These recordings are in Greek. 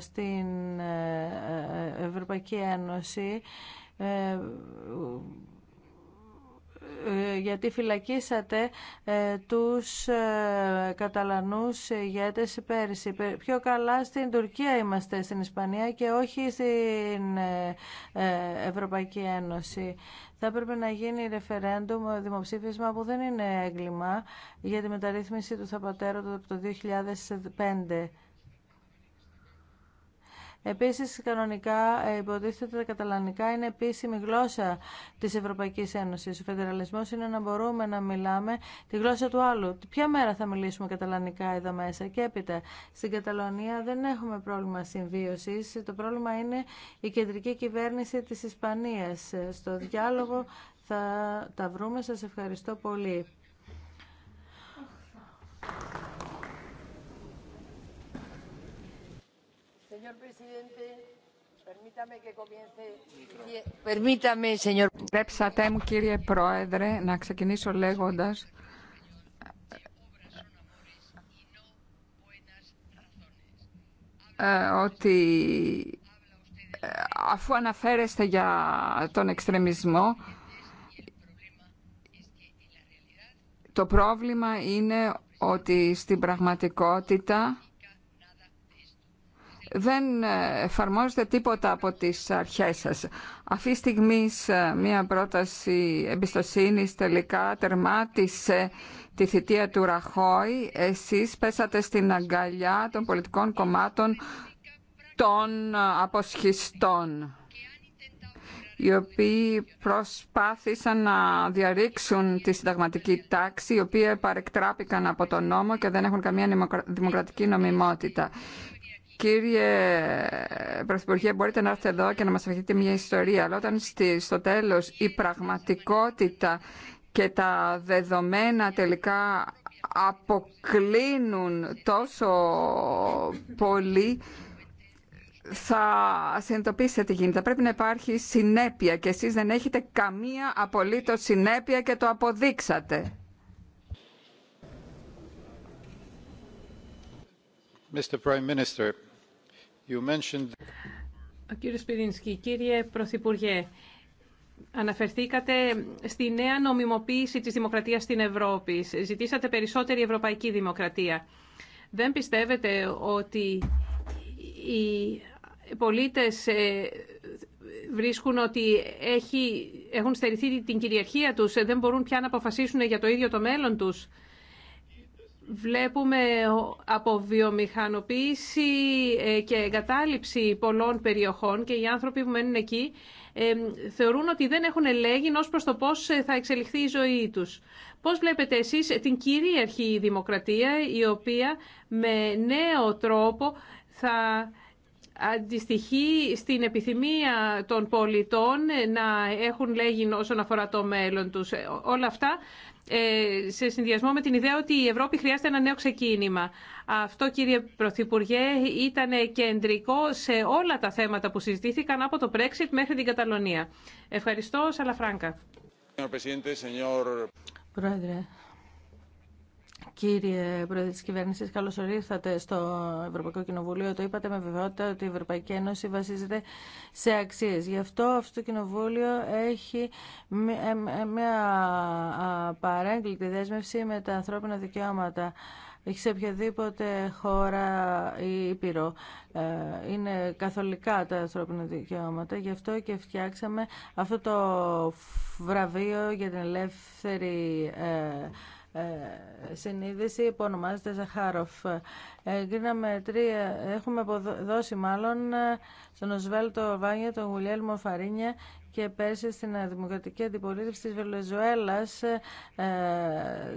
στην ε, ε, Ευρωπαϊκή Ένωση ε, γιατί φυλακίσατε τους καταλανούς ηγέτες πέρσι. Πιο καλά στην Τουρκία είμαστε, στην Ισπανία και όχι στην Ευρωπαϊκή Ένωση. Θα έπρεπε να γίνει ρεφερέντουμ, δημοψήφισμα που δεν είναι έγκλημα για τη μεταρρύθμιση του Θαπατέρωτο από το 2005. Επίσης, κανονικά ε, υποτίθεται ότι τα καταλανικά είναι επίσημη γλώσσα της Ευρωπαϊκής Ένωσης. Ο φετεραλισμός είναι να μπορούμε να μιλάμε τη γλώσσα του άλλου. Ποια μέρα θα μιλήσουμε καταλανικά εδώ μέσα και έπειτα. Στην Καταλωνία δεν έχουμε πρόβλημα συμβίωσης. Το πρόβλημα είναι η κεντρική κυβέρνηση της Ισπανίας. Στο διάλογο θα τα βρούμε. Σας ευχαριστώ πολύ. μου κύριε Πρόεδρε να ξεκινήσω λέγοντας ε, ότι ε, αφού αναφέρεστε για τον εξτρεμισμό το πρόβλημα είναι ότι στην πραγματικότητα δεν ε, εφαρμόζεται τίποτα από τις αρχές σας. Αυτή τη στιγμή ε, μια πρόταση εμπιστοσύνης τελικά τερμάτισε τη θητεία του Ραχώη. Εσείς πέσατε στην αγκαλιά των πολιτικών κομμάτων των ε, αποσχιστών οι οποίοι προσπάθησαν να διαρρήξουν τη συνταγματική τάξη, οι οποίοι παρεκτράπηκαν από τον νόμο και δεν έχουν καμία δημοκρατική νομιμότητα. Κύριε Πρωθυπουργέ, μπορείτε να έρθετε εδώ και να μας αφήσετε μια ιστορία, αλλά όταν στο τέλος η πραγματικότητα και τα δεδομένα τελικά αποκλίνουν τόσο πολύ, θα συνειδητοποιήσετε τι γίνεται. Πρέπει να υπάρχει συνέπεια και εσείς δεν έχετε καμία απολύτως συνέπεια και το αποδείξατε. Mr. Prime Minister κύριε Πρωθυπουργέ, Αναφερθήκατε στη νέα νομιμοποίηση της δημοκρατίας στην Ευρώπη. Ζητήσατε περισσότερη ευρωπαϊκή δημοκρατία. Δεν πιστεύετε ότι οι πολίτες ε, βρίσκουν ότι έχουν στερηθεί την κυριαρχία τους, ε, δεν μπορούν πια να αποφασίσουν για το ίδιο το μέλλον τους. Βλέπουμε από βιομηχανοποίηση ε, και εγκατάλειψη πολλών περιοχών και οι άνθρωποι που μένουν εκεί ε, θεωρούν ότι δεν έχουν ελέγγυν ως προς το πώς ε, θα εξελιχθεί η ζωή τους. Πώς βλέπετε εσείς την κυρίαρχη δημοκρατία η οποία με νέο τρόπο θα αντιστοιχεί στην επιθυμία των πολιτών να έχουν λέγει όσον αφορά το μέλλον τους. Όλα αυτά ε, σε συνδυασμό με την ιδέα ότι η Ευρώπη χρειάζεται ένα νέο ξεκίνημα. Αυτό, κύριε Πρωθυπουργέ, ήταν κεντρικό σε όλα τα θέματα που συζητήθηκαν από το Brexit μέχρι την Καταλωνία. Ευχαριστώ, Σαλαφράγκα. Πρόεδρε, Κύριε Πρόεδρε τη Κυβέρνηση, καλώ ορίσατε στο Ευρωπαϊκό Κοινοβούλιο. Το είπατε με βεβαιότητα ότι η Ευρωπαϊκή Ένωση βασίζεται σε αξίε. Γι' αυτό αυτό το Κοινοβούλιο έχει ε, ε, μια παρέγκλητη δέσμευση με τα ανθρώπινα δικαιώματα σε οποιαδήποτε χώρα ή ήπειρο. Ε, είναι καθολικά τα ανθρώπινα δικαιώματα, γι' αυτό και φτιάξαμε αυτό το βραβείο για την ελεύθερη ε, συνείδηση που ονομάζεται Ζαχάροφ. Εγκρίναμε τρία, έχουμε δώσει μάλλον ε, στον Οσβέλτο Βάνια, τον Γουλιέλμο Φαρίνια και πέρσι στην Δημοκρατική Αντιπολίτευση της Βελεζουέλας ε,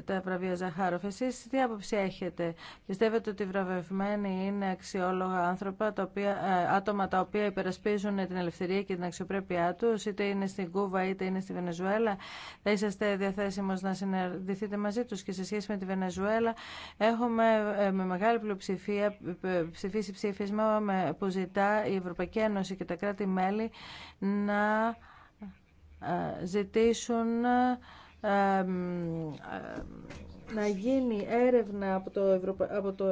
τα βραβεία Ζαχάροφ. Εσείς τι άποψη έχετε. Πιστεύετε ότι οι βραβευμένοι είναι αξιόλογα άνθρωπα, τα ε, άτομα τα οποία υπερασπίζουν την ελευθερία και την αξιοπρέπειά τους, είτε είναι στην Κούβα είτε είναι στη Βενεζουέλα. Θα είσαστε διαθέσιμος να συναντηθείτε μαζί του και σε σχέση με τη Βενεζουέλα έχουμε ε, με μεγάλη πλειοψηφία ψηφίσει ψήφισμα που ζητά η Ευρωπαϊκή Ένωση και τα κράτη-μέλη να ε, ζητήσουν ε, ε, να γίνει έρευνα από το, Ευρωπα... από το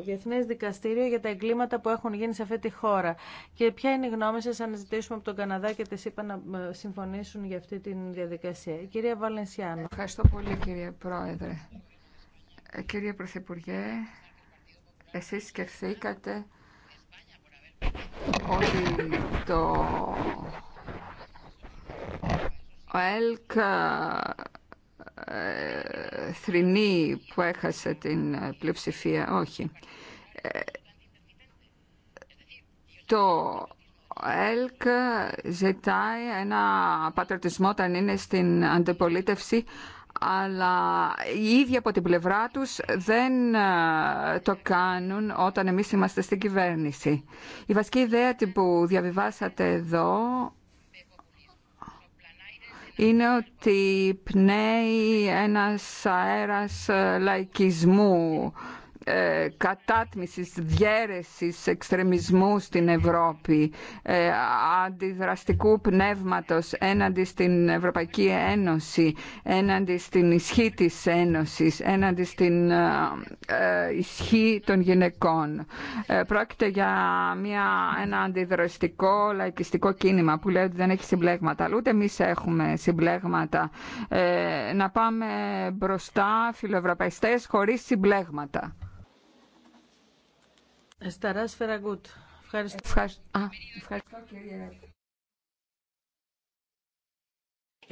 Διεθνές Δικαστήριο για τα εγκλήματα που έχουν γίνει σε αυτή τη χώρα. Και ποια είναι η γνώμη σας αν ζητήσουμε από τον Καναδά και τις είπα να συμφωνήσουν για αυτή τη διαδικασία. Κυρία Βαλενσιάνο. Ευχαριστώ πολύ κύριε Πρόεδρε. Κύριε Πρωθυπουργέ, εσείς σκεφτήκατε ότι το ο ΕΛΚ ε, που έχασε την πλειοψηφία. Όχι. Ε, το ΕΛΚ ζητάει ένα πατριωτισμό όταν είναι στην αντιπολίτευση αλλά οι ίδιοι από την πλευρά τους δεν ε, το κάνουν όταν εμείς είμαστε στην κυβέρνηση. Η βασική ιδέα που διαβιβάσατε εδώ είναι ότι πνέει ένας αέρας λαϊκισμού ε, κατάτμισης, διέρεσης εξτρεμισμού στην Ευρώπη, ε, αντιδραστικού πνεύματος έναντι στην Ευρωπαϊκή Ένωση, έναντι στην ισχύ της Ένωσης, έναντι στην ε, ισχύ των γυναικών. Πρόκειται για μια, ένα αντιδραστικό λαϊκιστικό κίνημα που λέει ότι δεν έχει συμπλέγματα, αλλά ούτε εμείς έχουμε συμπλέγματα. να πάμε μπροστά φιλοευρωπαϊστές χωρίς συμπλέγματα. Σταράς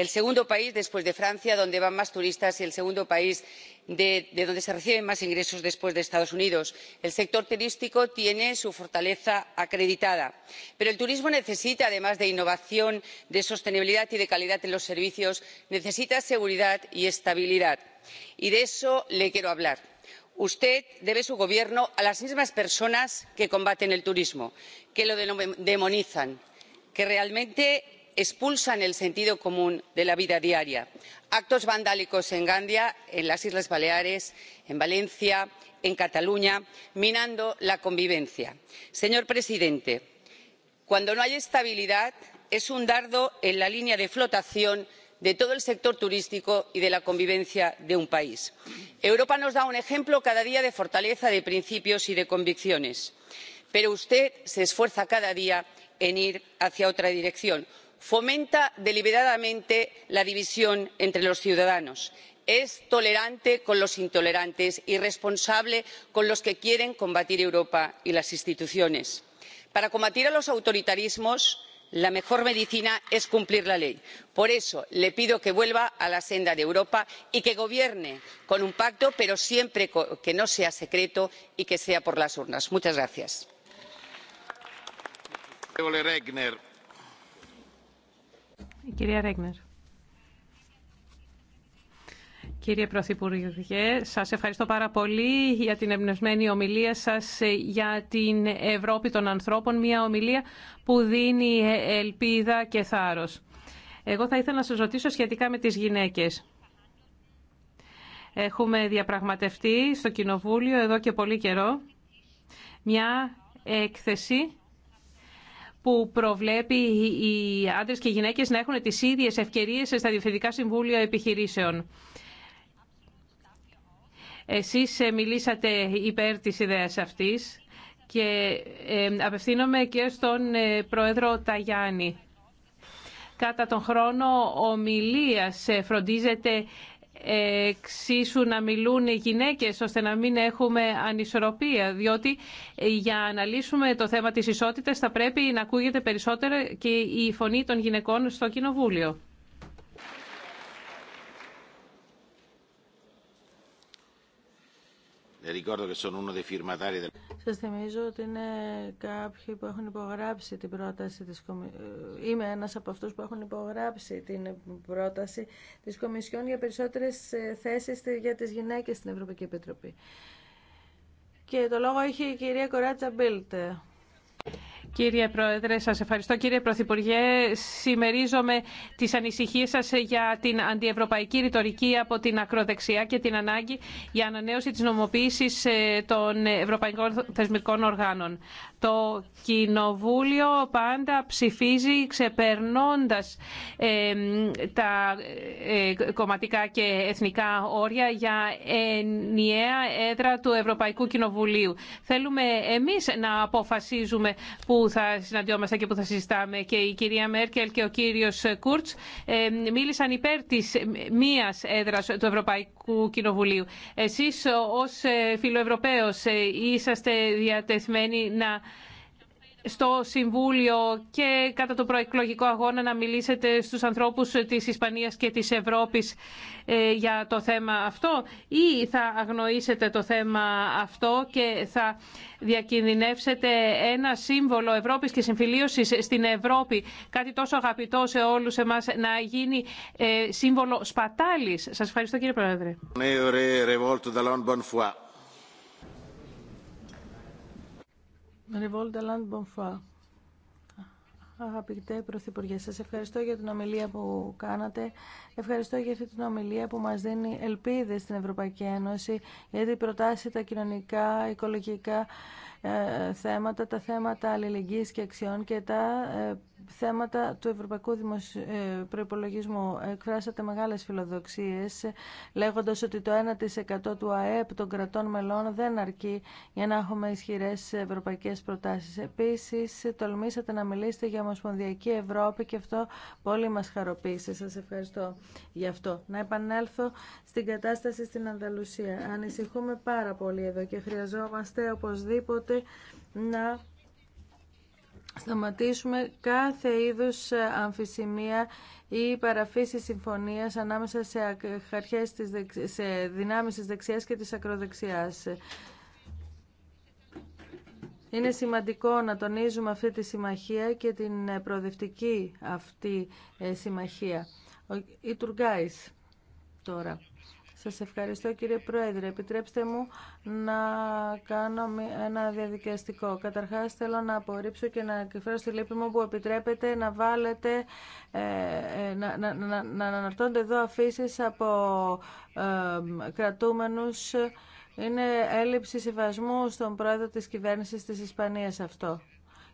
El segundo país después de Francia, donde van más turistas, y el segundo país de, donde se reciben más ingresos después de Estados Unidos. El sector turístico tiene su fortaleza acreditada, pero el turismo necesita, además de innovación, de sostenibilidad y de calidad en los servicios, necesita seguridad y estabilidad. Y de eso le quiero hablar usted debe su gobierno a las mismas personas que combaten el turismo que lo demonizan que realmente expulsan el sentido común de la vida diaria actos vandálicos en gandia en las islas baleares en valencia en cataluña minando la convivencia. señor presidente cuando no hay estabilidad es un dardo en la línea de flotación de todo el sector turístico y de la convivencia de un país. europa nos da un ejemplo cada día de fortaleza de principios y de convicciones pero usted se esfuerza cada día en ir hacia otra dirección fomenta deliberadamente la división entre los ciudadanos es tolerante con los intolerantes y responsable con los que quieren combatir europa y las instituciones. para combatir a los autoritarismos la mejor medicina es cumplir la ley. por eso le pido que vuelva a la senda de europa y que gobierne con un pacto pero siempre que no sea secreto y que sea por las urnas. muchas gracias. Κύριε Πρωθυπουργέ, σας ευχαριστώ πάρα πολύ για την εμπνευσμένη ομιλία σας για την Ευρώπη των ανθρώπων, μια ομιλία που δίνει ελπίδα και θάρρος. Εγώ θα ήθελα να σας ρωτήσω σχετικά με τις γυναίκες. Έχουμε διαπραγματευτεί στο Κοινοβούλιο εδώ και πολύ καιρό μια έκθεση που προβλέπει οι άντρες και οι γυναίκες να έχουν τις ίδιες ευκαιρίες στα διευθυντικά συμβούλια επιχειρήσεων. Εσείς ε, μιλήσατε υπέρ της ιδέας αυτής και ε, απευθύνομαι και στον ε, Πρόεδρο Ταγιάννη. Κατά τον χρόνο ομιλίας φροντίζεται εξίσου να μιλούν οι γυναίκες ώστε να μην έχουμε ανισορροπία διότι για να λύσουμε το θέμα της ισότητας θα πρέπει να ακούγεται περισσότερο και η φωνή των γυναικών στο Κοινοβούλιο. Ε, Σα θυμίζω ότι είναι κάποιοι που έχουν υπογράψει την πρόταση τη. Κομισιόν. Ε, είμαι ένα από αυτού που έχουν υπογράψει την πρόταση τη Κομισιόν για περισσότερε ε, θέσει για τι γυναίκε στην Ευρωπαϊκή Επιτροπή. Και το λόγο έχει η κυρία Κοράτσα Μπίλτε. Κύριε Πρόεδρε, σα ευχαριστώ. Κύριε Πρωθυπουργέ, συμμερίζομαι τις ανησυχίες σας για την αντιευρωπαϊκή ρητορική από την ακροδεξιά και την ανάγκη για ανανέωση της νομοποίησης ε, των ευρωπαϊκών θεσμικών οργάνων. Το Κοινοβούλιο πάντα ψηφίζει ξεπερνώντας τα ε, κομματικά και εθνικά όρια για ενιαία έδρα του Ευρωπαϊκού Κοινοβουλίου. Θέλουμε εμείς να αποφασίζουμε που θα συναντιόμαστε και που θα συζητάμε. Και η κυρία Μέρκελ και ο κύριος Κούρτς μίλησαν υπέρ της μίας έδρας του Ευρωπαϊκού Κοινοβουλίου. Εσείς ως ε, φιλοευρωπαίος ε, είσαστε διατεθμένοι να στο Συμβούλιο και κατά το προεκλογικό αγώνα να μιλήσετε στους ανθρώπους της Ισπανίας και της Ευρώπης ε, για το θέμα αυτό ή θα αγνοήσετε το θέμα αυτό και θα διακινδυνεύσετε ένα σύμβολο Ευρώπης και συμφιλίωσης στην Ευρώπη, κάτι τόσο αγαπητό σε όλους εμάς, να γίνει ε, σύμβολο σπατάλης. Σας ευχαριστώ κύριε Πρόεδρε. Revolta Land Bonfoy. Αγαπητέ Πρωθυπουργέ, σα ευχαριστώ για την ομιλία που κάνατε. Ευχαριστώ για αυτή την ομιλία που μας δίνει ελπίδες στην Ευρωπαϊκή Ένωση, γιατί προτάσει τα κοινωνικά, οικολογικά ε, θέματα, τα θέματα αλληλεγγύη και αξιών και τα ε, θέματα του Ευρωπαϊκού ε, Προπολογισμού. Εκφράσατε μεγάλες φιλοδοξίες λέγοντα ότι το 1% του ΑΕΠ των κρατών μελών δεν αρκεί για να έχουμε ισχυρές ευρωπαϊκές προτάσεις. Επίσης, τολμήσατε να μιλήσετε για Ομοσπονδιακή Ευρώπη και αυτό πολύ μα χαροποίησε. Σα ευχαριστώ γι' αυτό. Να επανέλθω στην κατάσταση στην Ανταλουσία. Ανησυχούμε πάρα πολύ εδώ και χρειαζόμαστε οπωσδήποτε να σταματήσουμε κάθε είδους αμφισημία ή παραφύση συμφωνίας ανάμεσα σε, αρχές της σε δυνάμεις της δεξιάς και της ακροδεξιάς. Είναι σημαντικό να τονίζουμε αυτή τη συμμαχία και την προοδευτική αυτή ε, συμμαχία. η τώρα. Σας ευχαριστώ κύριε Πρόεδρε. Επιτρέψτε μου να κάνω ένα διαδικαστικό. Καταρχάς θέλω να απορρίψω και να εκφράσω τη λύπη μου που επιτρέπετε να βάλετε, ε, ε, να, να, να, να αναρτώνται εδώ αφήσει από ε, κρατούμενους. Είναι έλλειψη συμβασμού στον πρόεδρο της κυβέρνησης της Ισπανίας αυτό.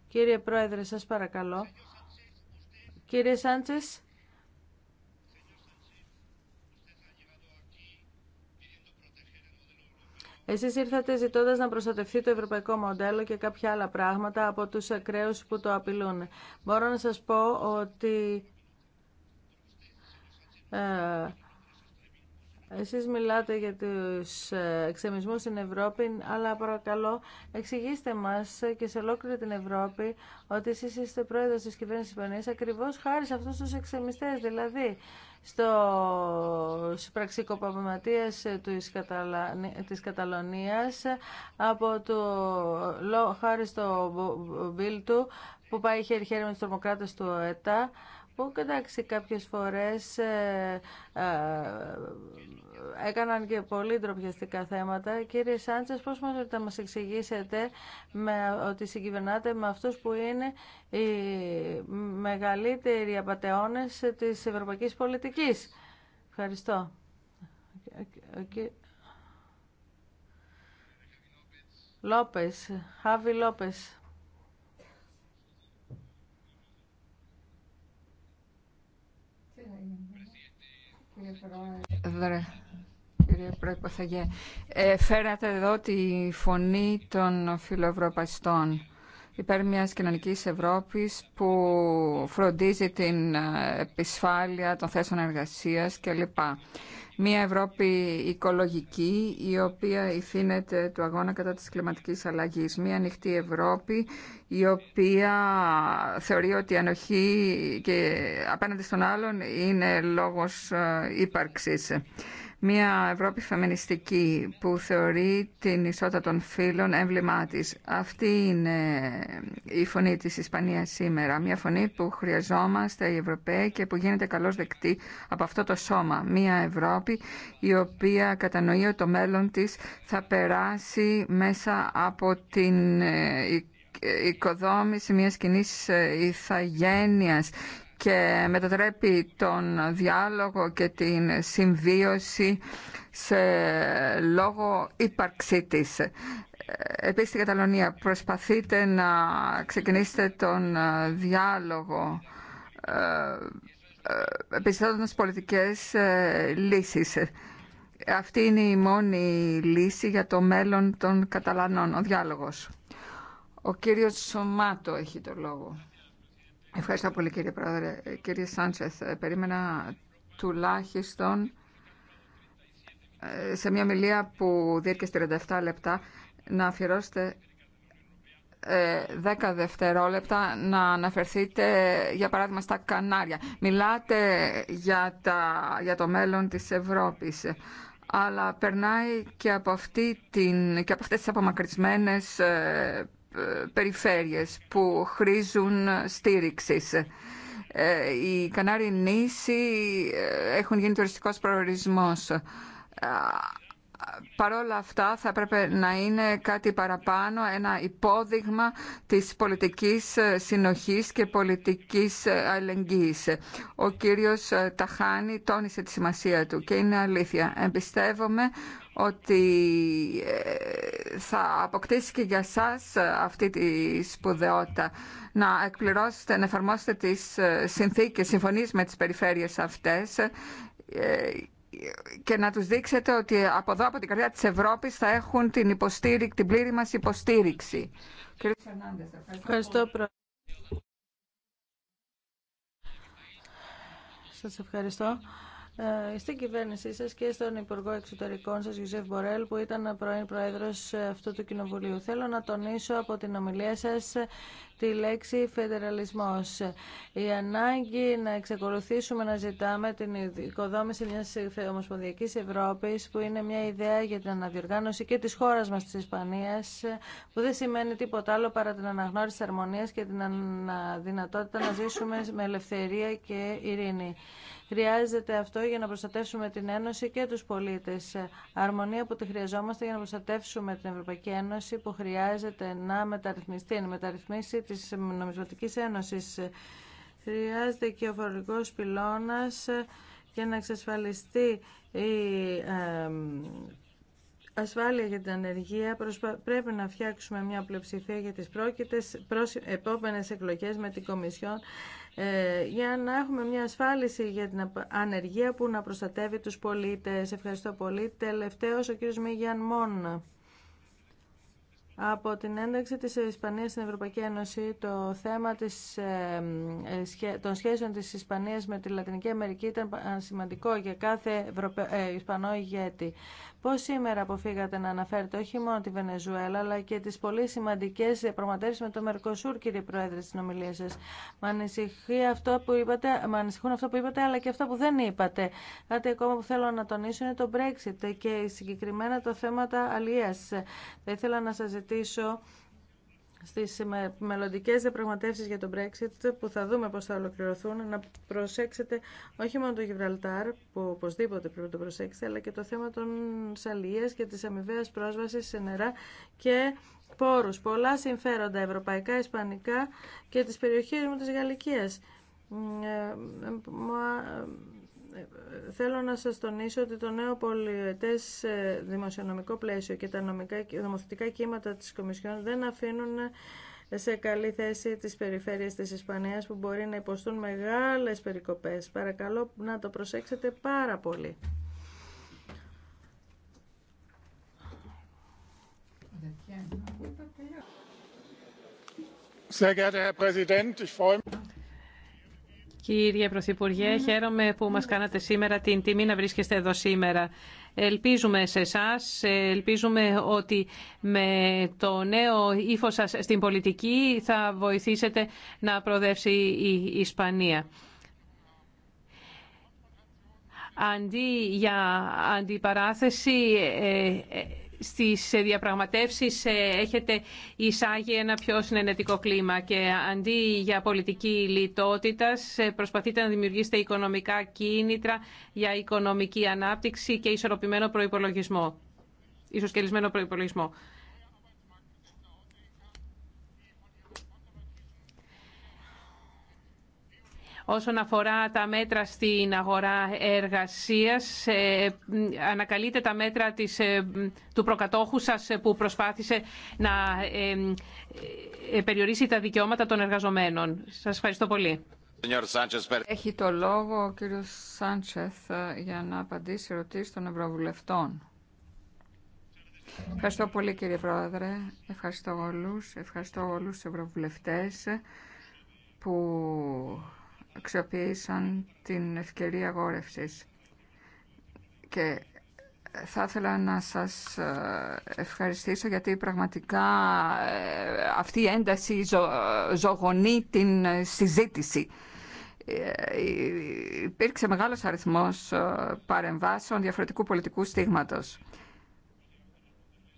Κύριε Πρόεδρε, σας παρακαλώ. Κύριε Σάντσες. Εσείς ήρθατε ζητώντας να προστατευτεί το ευρωπαϊκό μοντέλο και κάποια άλλα πράγματα από τους ακραίους που το απειλούν. Μπορώ να σας πω ότι ε, εσείς μιλάτε για τους ε, εξεμισμούς στην Ευρώπη, αλλά παρακαλώ εξηγήστε μας και σε ολόκληρη την Ευρώπη ότι εσείς είστε πρόεδρος της κυβέρνησης Ισπανίας ακριβώς χάρη σε αυτούς τους εξεμιστές. Δηλαδή, στο του της Καταλωνίας από το Χάριστο στο του που πάει χέρι-χέρι με τους τρομοκράτες του ΕΤΑ που εντάξει κάποιες φορές ε, ε, έκαναν και πολύ ντροπιαστικά θέματα. Κύριε Σάντσες, πώς μας να μας εξηγήσετε με, ότι συγκυβερνάτε με αυτούς που είναι οι μεγαλύτεροι απαταιώνες της ευρωπαϊκής πολιτικής. Ευχαριστώ. Λόπες, Χάβι Λόπες. Βρε κύριε Ε, φέρατε εδώ τη φωνή των φιλοευρωπαϊστών υπέρ μιας κοινωνικής Ευρώπης που φροντίζει την ε, επισφάλεια των θέσεων εργασίας κλπ. Μια Ευρώπη οικολογική η οποία ηθήνεται του αγώνα κατά της κλιματικής αλλαγής. Μια ανοιχτή Ευρώπη η οποία θεωρεί ότι η ανοχή και απέναντι στον άλλον είναι λόγος ε, ύπαρξης. Μια Ευρώπη φεμινιστική που θεωρεί την ισότητα των φύλων έμβλημά τη. Αυτή είναι η φωνή της Ισπανίας σήμερα. Μια φωνή που χρειαζόμαστε οι Ευρωπαίοι και που γίνεται καλώ δεκτή από αυτό το σώμα. Μια Ευρώπη η οποία κατανοεί ότι το μέλλον της θα περάσει μέσα από την ε, ε, οικοδόμηση μια κοινή ε, ηθαγένεια και μετατρέπει τον διάλογο και την συμβίωση σε λόγο ύπαρξή της. Επίσης στην Καταλωνία προσπαθείτε να ξεκινήσετε τον ε, διάλογο ε, ε, επιστρέφοντας πολιτικές λύσεις. Αυτή είναι η μόνη λύση για το μέλλον των Καταλανών, ο διάλογος. Ο κύριος Σωμάτο έχει το λόγο. Ευχαριστώ πολύ κύριε Πρόεδρε. Ε, κύριε Σάντσεθ, ε, περίμενα τουλάχιστον ε, σε μια μιλία που διέρχεται 37 λεπτά να αφιερώσετε 10 δευτερόλεπτα να αναφερθείτε για παράδειγμα στα Κανάρια. Μιλάτε για, τα, για το μέλλον της Ευρώπης αλλά περνάει και από, αυτή την, και από αυτές τις απομακρυσμένες περιφέρειες που χρήζουν στήριξης. Ε, οι Κανάριοι νήσοι ε, έχουν γίνει τουριστικός προορισμός. Ε, Παρ' όλα αυτά θα έπρεπε να είναι κάτι παραπάνω, ένα υπόδειγμα της πολιτικής συνοχής και πολιτικής αλληλεγγύης. Ο κύριος Ταχάνη τόνισε τη σημασία του και είναι αλήθεια. Εμπιστεύομαι ότι ε, θα αποκτήσει και για σας ε, αυτή τη σπουδαιότητα να εκπληρώσετε, να εφαρμόσετε τις ε, συνθήκες, συμφωνίες με τις περιφέρειες αυτές και να τους δείξετε ότι από εδώ, από την καρδιά της Ευρώπης θα έχουν την, υποστήριξη, την πλήρη μας υποστήριξη. Κύριε ευχαριστώ. Ε, στην κυβέρνησή σας και στον Υπουργό Εξωτερικών σας, Γιουζεφ Μπορέλ, που ήταν πρώην Πρόεδρος αυτού του Κοινοβουλίου. Θέλω να τονίσω από την ομιλία σας τη λέξη φεδεραλισμός. Η ανάγκη να εξακολουθήσουμε να ζητάμε την οικοδόμηση μιας ομοσπονδιακής Ευρώπης, που είναι μια ιδέα για την αναδιοργάνωση και της χώρας μας της Ισπανίας, που δεν σημαίνει τίποτα άλλο παρά την αναγνώριση της αρμονίας και την δυνατότητα να ζήσουμε με ελευθερία και ειρήνη. Χρειάζεται αυτό για να προστατεύσουμε την Ένωση και τους πολίτες. Αρμονία που τη χρειαζόμαστε για να προστατεύσουμε την Ευρωπαϊκή Ένωση που χρειάζεται να μεταρρυθμιστεί, να μεταρρυθμίσει της Νομισματικής Ένωσης. Χρειάζεται και ο φορολογικός πυλώνας για να εξασφαλιστεί η ασφάλεια για την ανεργία. Πρέπει να φτιάξουμε μια πλειοψηφία για τις πρόκειτες προς... επόμενες εκλογές με την Κομισιόν ε, για να έχουμε μια ασφάλιση για την ανεργία που να προστατεύει τους πολίτες. Ευχαριστώ πολύ. Τελευταίος ο κύριος Μίγιαν Από την ένταξη της Ισπανίας στην Ευρωπαϊκή Ένωση, το θέμα της, ε, ε, των σχέσεων της Ισπανίας με τη Λατινική Αμερική ήταν σημαντικό για κάθε Ισπανό ηγέτη. Πώ σήμερα αποφύγατε να αναφέρετε όχι μόνο τη Βενεζουέλα, αλλά και τις πολύ σημαντικέ προματεύσει με το Μερκοσούρ, κύριε Πρόεδρε, στην ομιλία σας. Μ' ανησυχεί αυτό που είπατε, ανησυχούν αυτό που είπατε, αλλά και αυτά που δεν είπατε. Κάτι ακόμα που θέλω να τονίσω είναι το Brexit και συγκεκριμένα τα θέματα Θα ήθελα να σα ζητήσω στις μελλοντικές διαπραγματεύσεις για τον Brexit που θα δούμε πώς θα ολοκληρωθούν να προσέξετε όχι μόνο το Γιβραλτάρ που οπωσδήποτε πρέπει να το προσέξετε αλλά και το θέμα των σαλίες και της αμοιβαία πρόσβασης σε νερά και πόρους. Πολλά συμφέροντα ευρωπαϊκά, ισπανικά και τις περιοχές μου της Γαλλικίας. Ε, ε, ε, θέλω να σας τονίσω ότι το νέο πολιετές ε, δημοσιονομικό πλαίσιο και τα νομικά, νομοθετικά κύματα της Κομισιόν δεν αφήνουν σε καλή θέση τις περιφέρειες της Ισπανίας που μπορεί να υποστούν μεγάλες περικοπές. Παρακαλώ να το προσέξετε πάρα πολύ. Herr Präsident, ich freue Κύριε Πρωθυπουργέ, χαίρομαι που μας κάνατε σήμερα την τιμή να βρίσκεστε εδώ σήμερα. Ελπίζουμε σε εσά, ελπίζουμε ότι με το νέο ύφο σας στην πολιτική θα βοηθήσετε να προοδεύσει η Ισπανία. Αντί για αντιπαράθεση, ε, ε, στις διαπραγματεύσεις ε, έχετε εισάγει ένα πιο συνενετικό κλίμα και αντί για πολιτική λιτότητα ε, προσπαθείτε να δημιουργήσετε οικονομικά κίνητρα για οικονομική ανάπτυξη και ισορροπημένο προϋπολογισμό. Ισοσκελισμένο προϋπολογισμό. Όσον αφορά τα μέτρα στην αγορά εργασίας, ε, ανακαλείτε τα μέτρα της, ε, του προκατόχου σας που προσπάθησε να ε, περιορίσει τα δικαιώματα των εργαζομένων. Σας ευχαριστώ πολύ. Έχει το λόγο ο κύριος Σάντσεθ για να απαντήσει ερωτήσει των Ευρωβουλευτών. Ευχαριστώ πολύ κύριε Πρόεδρε. Ευχαριστώ όλους. Ευχαριστώ όλους τους Ευρωβουλευτές που αξιοποίησαν την ευκαιρία αγόρευσης. Και θα ήθελα να σας ε, ευχαριστήσω γιατί πραγματικά ε, αυτή η ένταση ζω, ζωγονεί την ε, συζήτηση. Υπήρξε μεγάλος αριθμός παρεμβάσεων διαφορετικού πολιτικού στίγματος.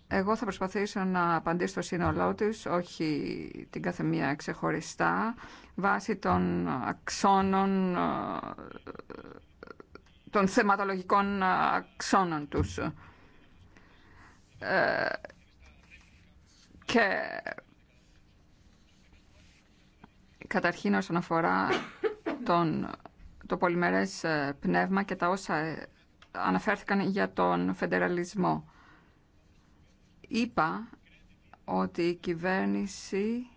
Εγώ θα προσπαθήσω να απαντήσω στο σύνολό τη όχι την καθεμία ξεχωριστά, βάσει των αξώνων, ε, των θεματολογικών αξώνων τους. Ε, και καταρχήν όσον αφορά τον, το πολυμερές ε, πνεύμα και τα όσα αναφέρθηκαν για τον φεντεραλισμό είπα ότι η κυβέρνηση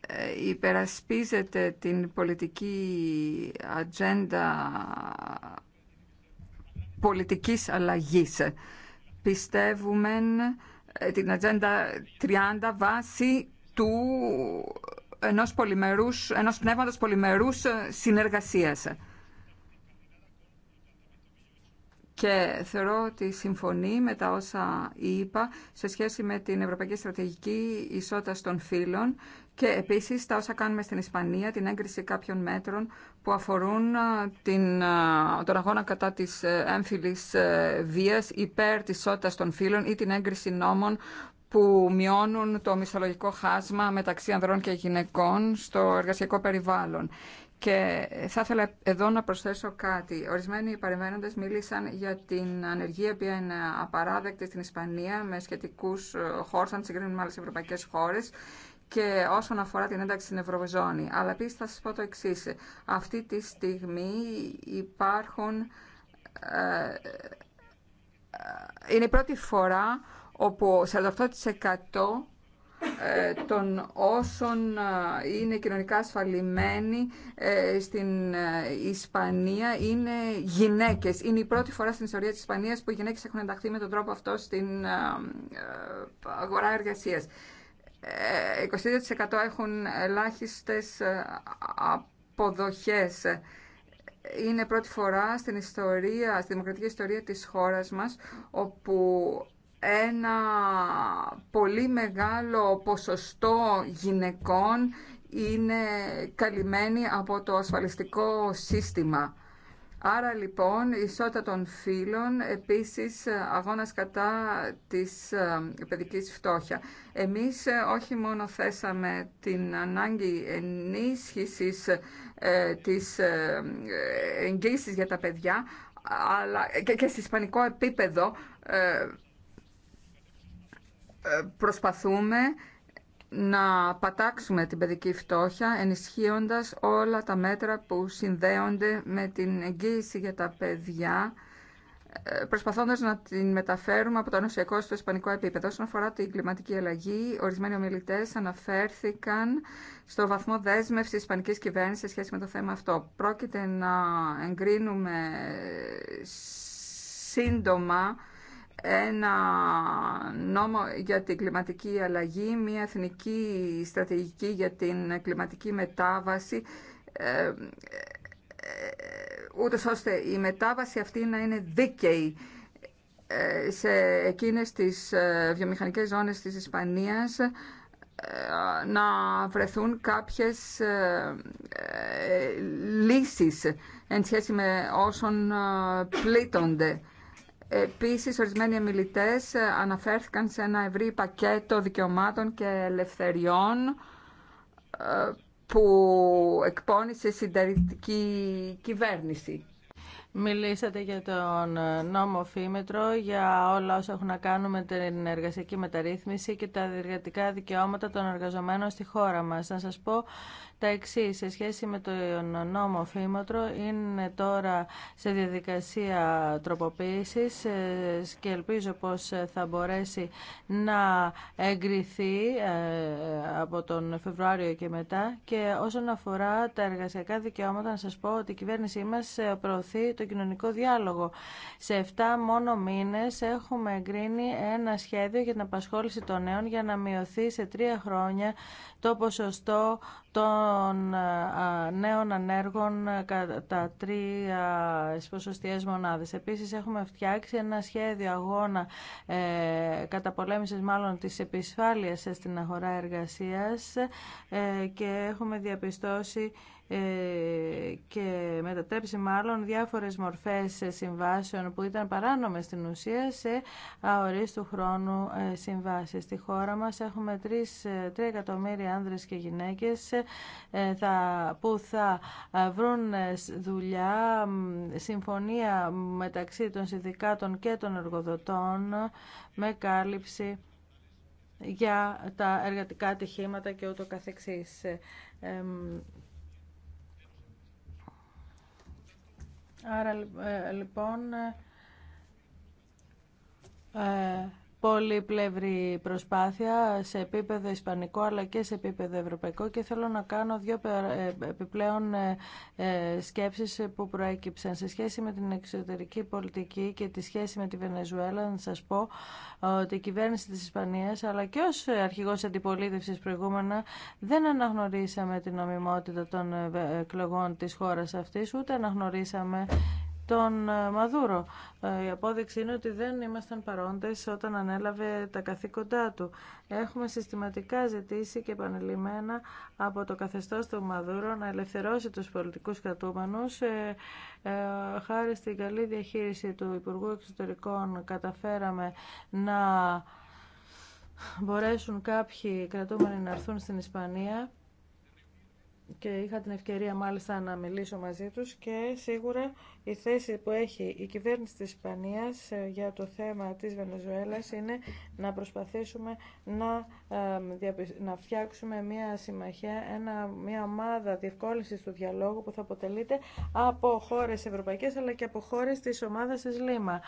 ε, υπερασπίζεται την πολιτική ατζέντα πολιτικής αλλαγής. Πιστεύουμε ε, την ατζέντα 30 βάση του ενός, πολυμερούς, ενός πνεύματος πολυμερούς συνεργασίας και θεωρώ ότι συμφωνεί με τα όσα είπα σε σχέση με την Ευρωπαϊκή Στρατηγική Ισότητα των Φύλων και επίσης τα όσα κάνουμε στην Ισπανία, την έγκριση κάποιων μέτρων που αφορούν την, τον αγώνα κατά της ε, έμφυλης ε, βίας υπέρ της ισότητας των φύλων ή την έγκριση νόμων που μειώνουν το μισθολογικό χάσμα μεταξύ ανδρών και γυναικών στο εργασιακό περιβάλλον. Και θα ήθελα εδώ να προσθέσω κάτι. Ορισμένοι παρεμβαίνοντες μίλησαν για την ανεργία που είναι απαράδεκτη στην Ισπανία με σχετικούς ε, χώρους, αν συγκρίνουμε με άλλες ευρωπαϊκές χώρες και όσον αφορά την ένταξη στην Ευρωζώνη. Αλλά επίση θα σας πω το εξή. Αυτή τη στιγμή υπάρχουν... Ε, ε, είναι η πρώτη φορά όπου 48% ε, των όσων ε, είναι κοινωνικά ασφαλισμένοι ε, στην Ισπανία είναι γυναίκες. Είναι η πρώτη φορά στην ιστορία της Ισπανίας που οι γυναίκες έχουν ενταχθεί με τον τρόπο αυτό στην αγορά εργασίας. 22% έχουν ελάχιστες αποδοχές. Είναι πρώτη φορά στην ιστορία, στη δημοκρατική ιστορία της χώρας μας, όπου ένα πολύ μεγάλο ποσοστό γυναικών είναι καλυμμένοι από το ασφαλιστικό σύστημα. Άρα λοιπόν η ισότητα των φύλων, επίσης αγώνας κατά της ε, παιδικής φτώχεια. Εμείς ε, όχι μόνο θέσαμε την ανάγκη ενίσχυσης ε, της ε, εγγύησης για τα παιδιά, αλλά και, και σε επίπεδο ε, προσπαθούμε να πατάξουμε την παιδική φτώχεια ενισχύοντας όλα τα μέτρα που συνδέονται με την εγγύηση για τα παιδιά ε, προσπαθώντας να την μεταφέρουμε από το νοσιακό στο ισπανικό επίπεδο. Όσον αφορά την κλιματική αλλαγή, ορισμένοι ομιλητές αναφέρθηκαν στο βαθμό δέσμευση τη ισπανική κυβέρνηση σε σχέση με το θέμα αυτό. Πρόκειται να εγκρίνουμε σύντομα ένα νόμο για την κλιματική αλλαγή, μια εθνική στρατηγική για την κλιματική μετάβαση, ε, ε, ούτως ώστε η μετάβαση αυτή να είναι δίκαιη ε, σε εκείνες τις βιομηχανικές ζώνες της Ισπανίας να βρεθούν κάποιες λύσεις εν σχέση με όσων πλήττονται. Επίση, ορισμένοι εμιλητές ε, αναφέρθηκαν σε ένα ευρύ πακέτο δικαιωμάτων και ελευθεριών ε, που εκπώνησε συντηρητική κυβέρνηση. Μιλήσατε για τον ε, νόμο Φήμετρο, για όλα όσα έχουν να κάνουν με την εργασιακή μεταρρύθμιση και τα διεργατικά δικαιώματα των εργαζομένων στη χώρα μας. Να σας πω τα εξή. Σε σχέση με τον νόμο φήματρο είναι τώρα σε διαδικασία τροποποίηση ε, και ελπίζω πως θα μπορέσει να εγκριθεί ε, από τον Φεβρουάριο και μετά. Και όσον αφορά τα εργασιακά δικαιώματα, να σας πω ότι η κυβέρνησή μας ε, προωθεί το κοινωνικό διάλογο. Σε 7 μόνο μήνες έχουμε εγκρίνει ένα σχέδιο για την απασχόληση των νέων για να μειωθεί σε 3 χρόνια το ποσοστό των ε, νέων ανέργων κατά τρία ποσοστιαίες μονάδες. Επίσης έχουμε φτιάξει ένα σχέδιο αγώνα ε, καταπολέμησης μάλλον της επισφάλειας στην αγορά εργασίας ε, και έχουμε διαπιστώσει ε, και μετατρέψει μάλλον διάφορες μορφές συμβάσεων που ήταν παράνομες στην ουσία σε αορίστου χρόνου ε, συμβάσεις. Στη χώρα μας έχουμε 3, 3 ε, εκατομμύρια άνδρες και γυναίκες που θα βρουν δουλειά, συμφωνία μεταξύ των συνδικάτων και των εργοδοτών με κάλυψη για τα εργατικά ατυχήματα και ούτω καθεξής. Άρα ε, λοιπόν ε, ε, πλεύρη προσπάθεια σε επίπεδο ισπανικό αλλά και σε επίπεδο ευρωπαϊκό και θέλω να κάνω δύο ε, επιπλέον ε, ε, σκέψεις που προέκυψαν σε σχέση με την εξωτερική πολιτική και τη σχέση με τη Βενεζουέλα να σας πω ότι η κυβέρνηση της Ισπανίας αλλά και ως αρχηγός αντιπολίτευσης προηγούμενα δεν αναγνωρίσαμε την νομιμότητα των εκλογών της χώρας αυτής ούτε αναγνωρίσαμε τον ε, Μαδούρο. Ε, η απόδειξη είναι ότι δεν ήμασταν παρόντες όταν ανέλαβε τα καθήκοντά του. Έχουμε συστηματικά ζητήσει και επανελειμμένα από το καθεστώς του Μαδούρο να ελευθερώσει τους πολιτικούς κρατούμενους. Ε, χάρη στην καλή διαχείριση του Υπουργού Εξωτερικών καταφέραμε να μπορέσουν κάποιοι κρατούμενοι να έρθουν στην Ισπανία και είχα την ευκαιρία μάλιστα να μιλήσω μαζί τους και σίγουρα η θέση που έχει η κυβέρνηση της Ισπανίας ε, για το θέμα της Βενεζουέλας είναι να προσπαθήσουμε να, ε, να φτιάξουμε μια συμμαχία, ένα, μια ομάδα διευκόλυνσης του διαλόγου που θα αποτελείται από χώρες ευρωπαϊκές αλλά και από χώρες της ομάδας της Λίμα.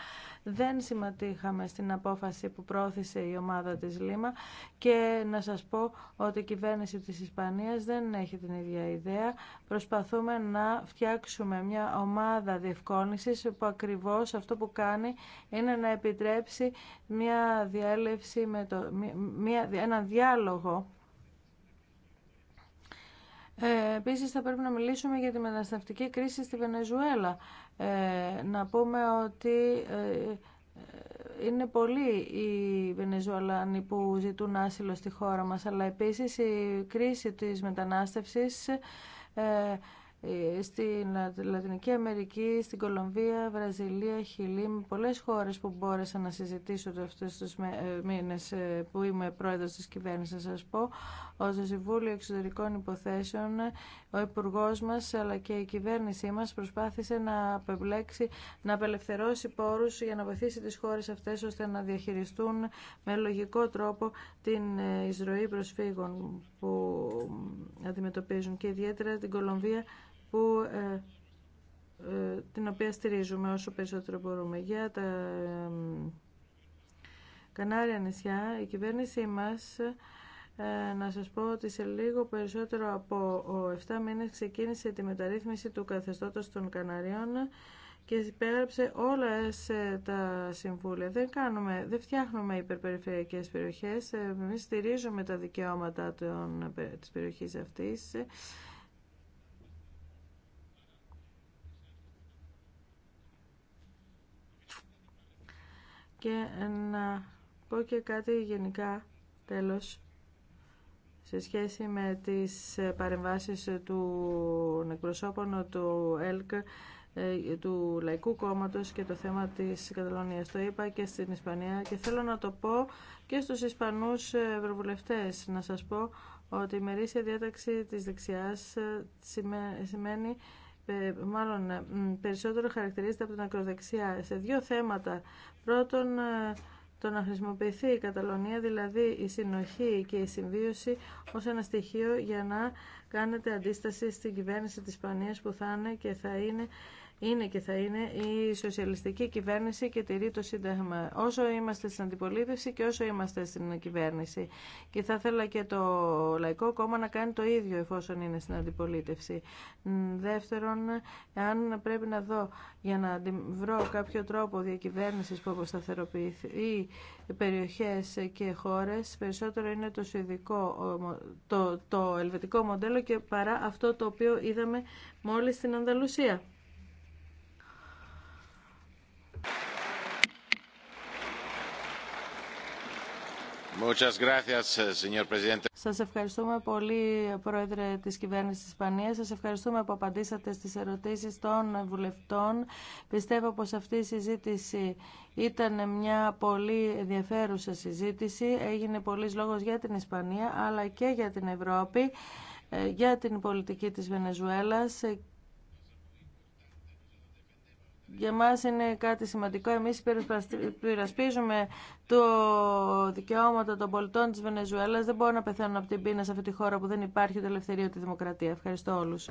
Δεν συμμετείχαμε στην απόφαση που πρόθεσε η ομάδα της Λίμα και να σας πω ότι η κυβέρνηση της Ισπανίας δεν έχει την ίδια ίδια ιδέα. Προσπαθούμε να φτιάξουμε μια ομάδα διευκόνησης που ακριβώς αυτό που κάνει είναι να επιτρέψει μια διέλευση με το, μια, ένα διάλογο ε, Επίση, θα πρέπει να μιλήσουμε για τη μεταναστευτική κρίση στη Βενεζουέλα. Ε, να πούμε ότι ε, είναι πολλοί οι Βενεζουαλάνοι που ζητούν άσυλο στη χώρα μας, αλλά επίσης η κρίση της μετανάστευσης ε, ε, στην Λατινική Αμερική, στην Κολομβία, Βραζιλία, Χιλή, με πολλές χώρες που μπόρεσα να συζητήσω αυτούς τους ε, μήνες που είμαι πρόεδρος της κυβέρνησης, να σας πω, ως το Συμβούλιο Εξωτερικών Υποθέσεων ο υπουργό μα αλλά και η κυβέρνησή μα προσπάθησε να απεμπλέξει, να απελευθερώσει πόρου για να βοηθήσει τι χώρε αυτέ ώστε να διαχειριστούν με λογικό τρόπο την ε, εισρωή προσφύγων που αντιμετωπίζουν και ιδιαίτερα την Κολομβία που ε, ε, την οποία στηρίζουμε όσο περισσότερο μπορούμε. Για τα Κανάρια νησιά, η κυβέρνησή μας ε, να σας πω ότι σε λίγο περισσότερο από 7 μήνες ξεκίνησε τη μεταρρύθμιση του καθεστώτος των Καναρίων και υπέγραψε όλα τα συμβούλια. Δεν, κάνουμε, δεν φτιάχνουμε υπερπεριφερειακές περιοχές, ε, εμείς στηρίζουμε τα δικαιώματα των, ε, της περιοχής αυτής. Και να πω και κάτι γενικά, τέλος σε σχέση με τις ε, παρεμβάσεις του εκπροσώπων του ΕΛΚ ε, του Λαϊκού Κόμματος και το θέμα της Καταλωνίας. Το είπα και στην Ισπανία και θέλω να το πω και στους Ισπανούς Ευρωβουλευτές. Να σας πω ότι η μερίσια διάταξη της δεξιάς ε, σημαίνει μάλλον περισσότερο χαρακτηρίζεται από την ακροδεξιά σε δύο θέματα. Πρώτον, το να χρησιμοποιηθεί η Καταλωνία, δηλαδή η συνοχή και η συμβίωση, ως ένα στοιχείο για να κάνετε αντίσταση στην κυβέρνηση της Ισπανίας που θα είναι και θα είναι είναι και θα είναι η σοσιαλιστική κυβέρνηση και τηρεί το Σύνταγμα όσο είμαστε στην αντιπολίτευση και όσο είμαστε στην κυβέρνηση. Και θα ήθελα και το Λαϊκό Κόμμα να κάνει το ίδιο εφόσον είναι στην αντιπολίτευση. Δεύτερον, αν πρέπει να δω για να βρω κάποιο τρόπο διακυβέρνησης που αποσταθεροποιηθεί περιοχές και χώρες, περισσότερο είναι το το, το ελβετικό μοντέλο και παρά αυτό το οποίο είδαμε μόλις στην Ανδαλουσία. Eh, Σας ευχαριστούμε πολύ, Πρόεδρε της Κυβέρνησης της Ισπανίας. Σας ευχαριστούμε που απαντήσατε στις ερωτήσεις των βουλευτών. Πιστεύω πως αυτή η συζήτηση ήταν μια πολύ ενδιαφέρουσα συζήτηση. Έγινε πολλής λόγος για την Ισπανία, αλλά και για την Ευρώπη, ε, για την πολιτική της Βενεζουέλας για μας είναι κάτι σημαντικό. Εμείς πειρασπίζουμε το δικαιώματα των πολιτών της Βενεζουέλας. Δεν μπορούν να πεθαίνουν από την πείνα σε αυτή τη χώρα που δεν υπάρχει ούτε ελευθερία ούτε δημοκρατία. Ευχαριστώ όλους.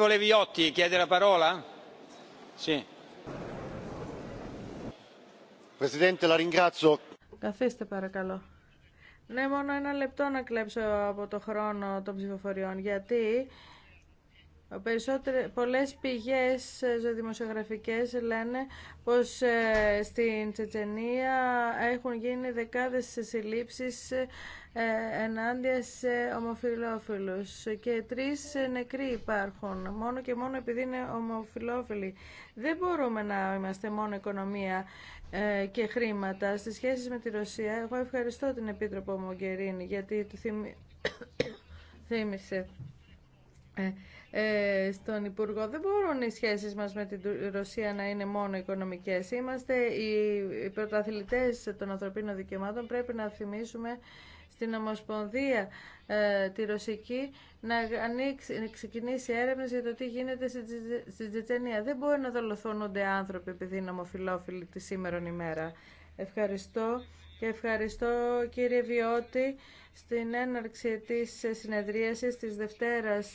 Onorevole Viotti, chiede la parola? Sì. Καθίστε παρακαλώ. Ναι, μόνο ένα λεπτό να κλέψω από το χρόνο των ψηφοφοριών, γιατί Πολλές πηγές ε, δημοσιογραφικές λένε πως ε, στην Τσετσενία έχουν γίνει δεκάδες συλλήψεις ε, ενάντια σε ομοφιλόφιλους και τρεις νεκροί υπάρχουν μόνο και μόνο επειδή είναι ομοφιλόφιλοι. Δεν μπορούμε να είμαστε μόνο οικονομία και χρήματα. Στις σχέσεις με τη Ρωσία, εγώ ευχαριστώ την Επίτροπο Μογκερίνη γιατί του θύμισε ε, στον Υπουργό. Δεν μπορούν οι σχέσεις μας με την Ρωσία να είναι μόνο οικονομικές. Είμαστε οι πρωταθλητές των ανθρωπίνων δικαιωμάτων. Πρέπει να θυμίσουμε στην Ομοσπονδία ε, τη Ρωσική να, ανοίξει, ξεκινήσει έρευνε για το τι γίνεται στη Τσετσενία. Δεν μπορεί να δολοφονούνται άνθρωποι επειδή είναι ομοφιλόφιλοι τη σήμερον ημέρα. Ευχαριστώ. Ευχαριστώ κύριε Βιώτη. Στην έναρξη της συνεδρίασης της Δευτέρας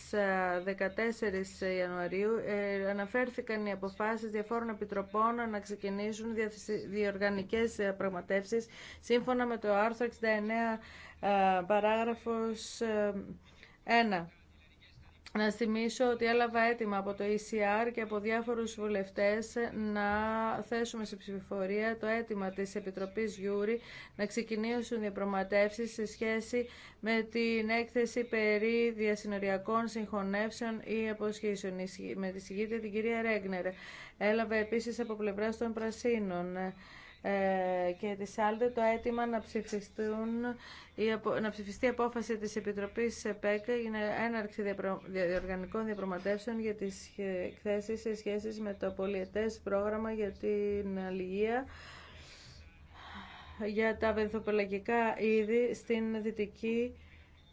14 Ιανουαρίου ε, αναφέρθηκαν οι αποφάσεις διαφόρων επιτροπών να ξεκινήσουν διοργανικές πραγματεύσεις σύμφωνα με το άρθρο 69 παράγραφος 1. Ε, να θυμίσω ότι έλαβα έτοιμα από το ECR και από διάφορους βουλευτές να θέσουμε σε ψηφοφορία το αίτημα της Επιτροπής Γιούρη να ξεκινήσουν προματεύσεις σε σχέση με την έκθεση περί διασυνοριακών συγχωνεύσεων ή αποσχέσεων με τη συγκίτρια την κυρία Ρέγνερ. Έλαβα επίσης από πλευρά των Πρασίνων ε, και τη ΣΑΛΤΕ το αίτημα να, ψηφιστούν, να ψηφιστεί η απόφαση της Επιτροπής ΕΠΕΚ για έναρξη διοργανικών διαπραγματεύσεων για τις εκθέσεις σε σχέση με το πολιετές πρόγραμμα για την αλληλεία για τα βενθοπελαγικά είδη στην Δυτική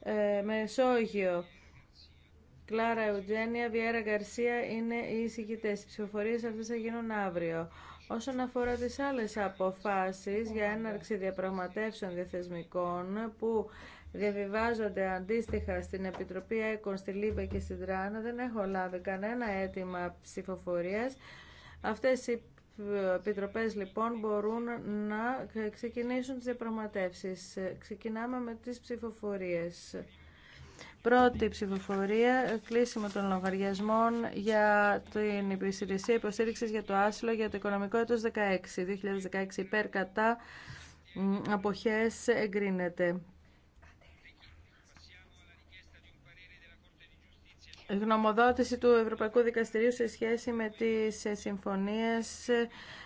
ε, Μεσόγειο. Κλάρα Εουτζένια, Βιέρα Γκαρσία είναι οι εισηγητέ. Οι ψηφοφορίε αυτέ θα γίνουν αύριο. Όσον αφορά τις άλλες αποφάσεις για έναρξη διαπραγματεύσεων διαθεσμικών που διαβιβάζονται αντίστοιχα στην Επιτροπή ΕΚΟΝ, στη και στην ΤΡΑΝΑ, δεν έχω λάβει κανένα αίτημα ψηφοφορίας. Αυτές οι επιτροπές λοιπόν μπορούν να ξεκινήσουν τις διαπραγματεύσεις. Ξεκινάμε με τις ψηφοφορίες. Πρώτη ψηφοφορία, κλείσιμο των λογαριασμών για την υπηρεσία υποστήριξη για το άσυλο για το οικονομικό έτος 16. 2016 υπέρ κατά αποχές εγκρίνεται. γνωμοδότηση του Ευρωπαϊκού Δικαστηρίου σε σχέση με τις συμφωνίες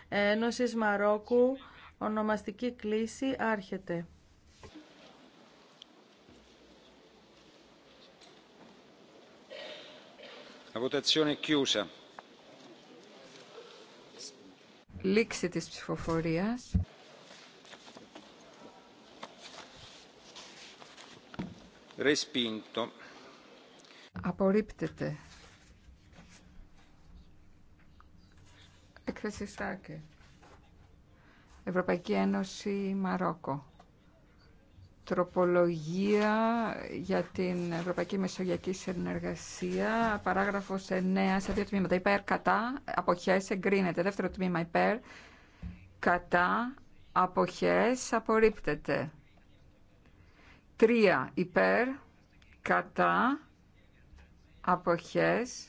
Ένωσης Μαρόκου, ονομαστική κλίση, άρχεται. votazione è Λήξη της ψηφοφορίας. Απορρίπτεται. Ευρωπαϊκή Ένωση Μαρόκο τροπολογία για την Ευρωπαϊκή Μεσογειακή Συνεργασία, παράγραφος 9, σε δύο τμήματα. Υπέρ, κατά, αποχές, εγκρίνεται. Δεύτερο τμήμα, υπέρ, κατά, αποχές, απορρίπτεται. Τρία, υπέρ, κατά, αποχές.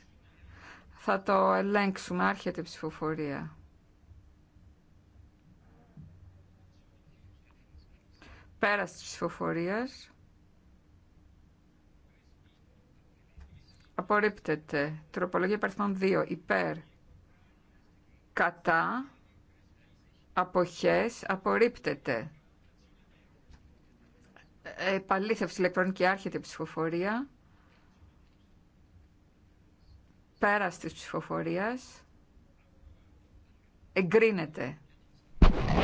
Θα το ελέγξουμε, άρχεται η ψηφοφορία. Πέρας της ψηφοφορίας. Απορρίπτεται. Τροπολογία υπαριθμών 2. Υπέρ. Κατά. Αποχές. Απορρίπτεται. Ε, επαλήθευση ηλεκτρονική άρχεται η ψηφοφορία. Πέρας της ψηφοφορίας. Εγκρίνεται.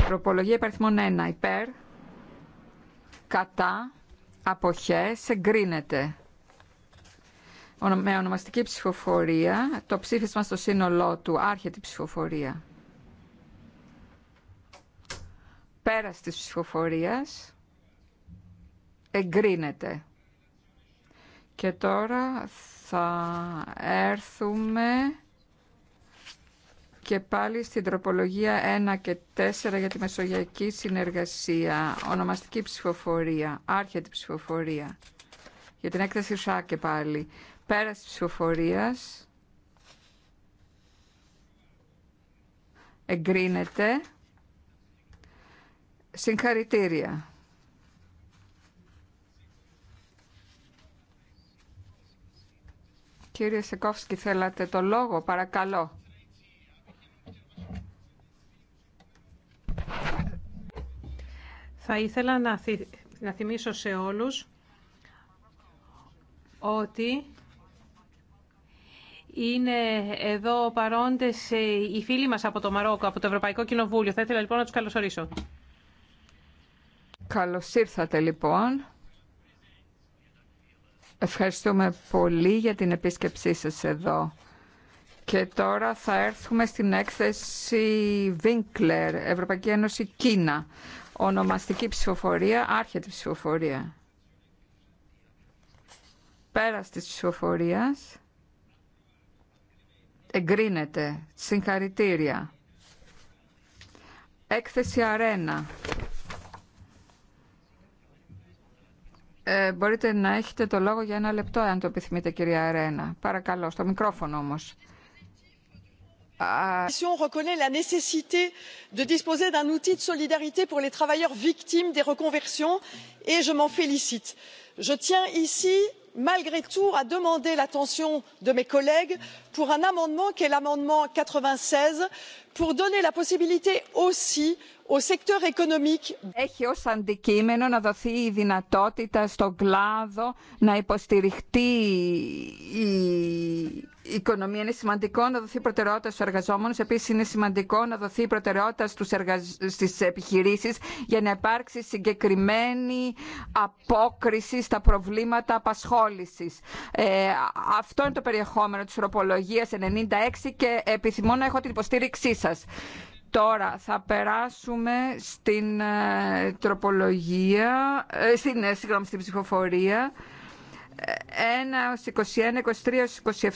Τροπολογία υπαριθμών 1. Υπέρ κατά, αποχές, εγκρίνεται. Με ονομαστική ψηφοφορία, το ψήφισμα στο σύνολό του, άρχεται η ψηφοφορία. Πέρας της ψηφοφορίας, εγκρίνεται. Και τώρα θα έρθουμε και πάλι στην τροπολογία 1 και 4 για τη μεσογειακή συνεργασία, ονομαστική ψηφοφορία, Άρχιετη ψηφοφορία. Για την έκθεση ΣΑ και πάλι. Πέραση ψηφοφορία. ψηφοφορίας. Εγκρίνεται. Συγχαρητήρια. Κύριε Σεκόφσκι, θέλατε το λόγο, παρακαλώ. Θα ήθελα να, να θυμίσω σε όλους ότι είναι εδώ παρόντες ε, οι φίλοι μας από το Μαρόκο, από το Ευρωπαϊκό Κοινοβούλιο. Θα ήθελα λοιπόν να τους καλωσορίσω. Καλώς ήρθατε λοιπόν. Ευχαριστούμε πολύ για την επίσκεψή σας εδώ. Και τώρα θα έρθουμε στην έκθεση Winkler, Ευρωπαϊκή Ένωση Κίνα. Ονομαστική ψηφοφορία, άρχεται ψηφοφορία. Πέρας της ψηφοφορίας εγκρίνεται. Συγχαρητήρια. Έκθεση αρένα. Ε, μπορείτε να έχετε το λόγο για ένα λεπτό, αν το επιθυμείτε, κυρία Αρένα. Παρακαλώ, στο μικρόφωνο όμως la commission reconnaît la nécessité de disposer d'un outil de solidarité pour les travailleurs victimes des reconversions et je m'en félicite. je tiens ici malgré tout à demander l'attention de mes collègues pour un amendement qui est l'amendement quatre vingt seize pour donner la possibilité aussi έχει ως αντικείμενο να δοθεί η δυνατότητα στον κλάδο να υποστηριχτεί η οικονομία. Είναι σημαντικό να δοθεί προτεραιότητα στους εργαζόμενους. Επίσης είναι σημαντικό να δοθεί προτεραιότητα στους εργαζ... στις επιχειρήσεις για να υπάρξει συγκεκριμένη απόκριση στα προβλήματα απασχόλησης. Ε, αυτό είναι το περιεχόμενο της τροπολογίας 96 και επιθυμώ να έχω την υποστήριξή σας. Τώρα θα περάσουμε στην ε, τροπολογία, ε, στην, ε, συγγνώμη, στην ψηφοφορία. 1, 21, 23,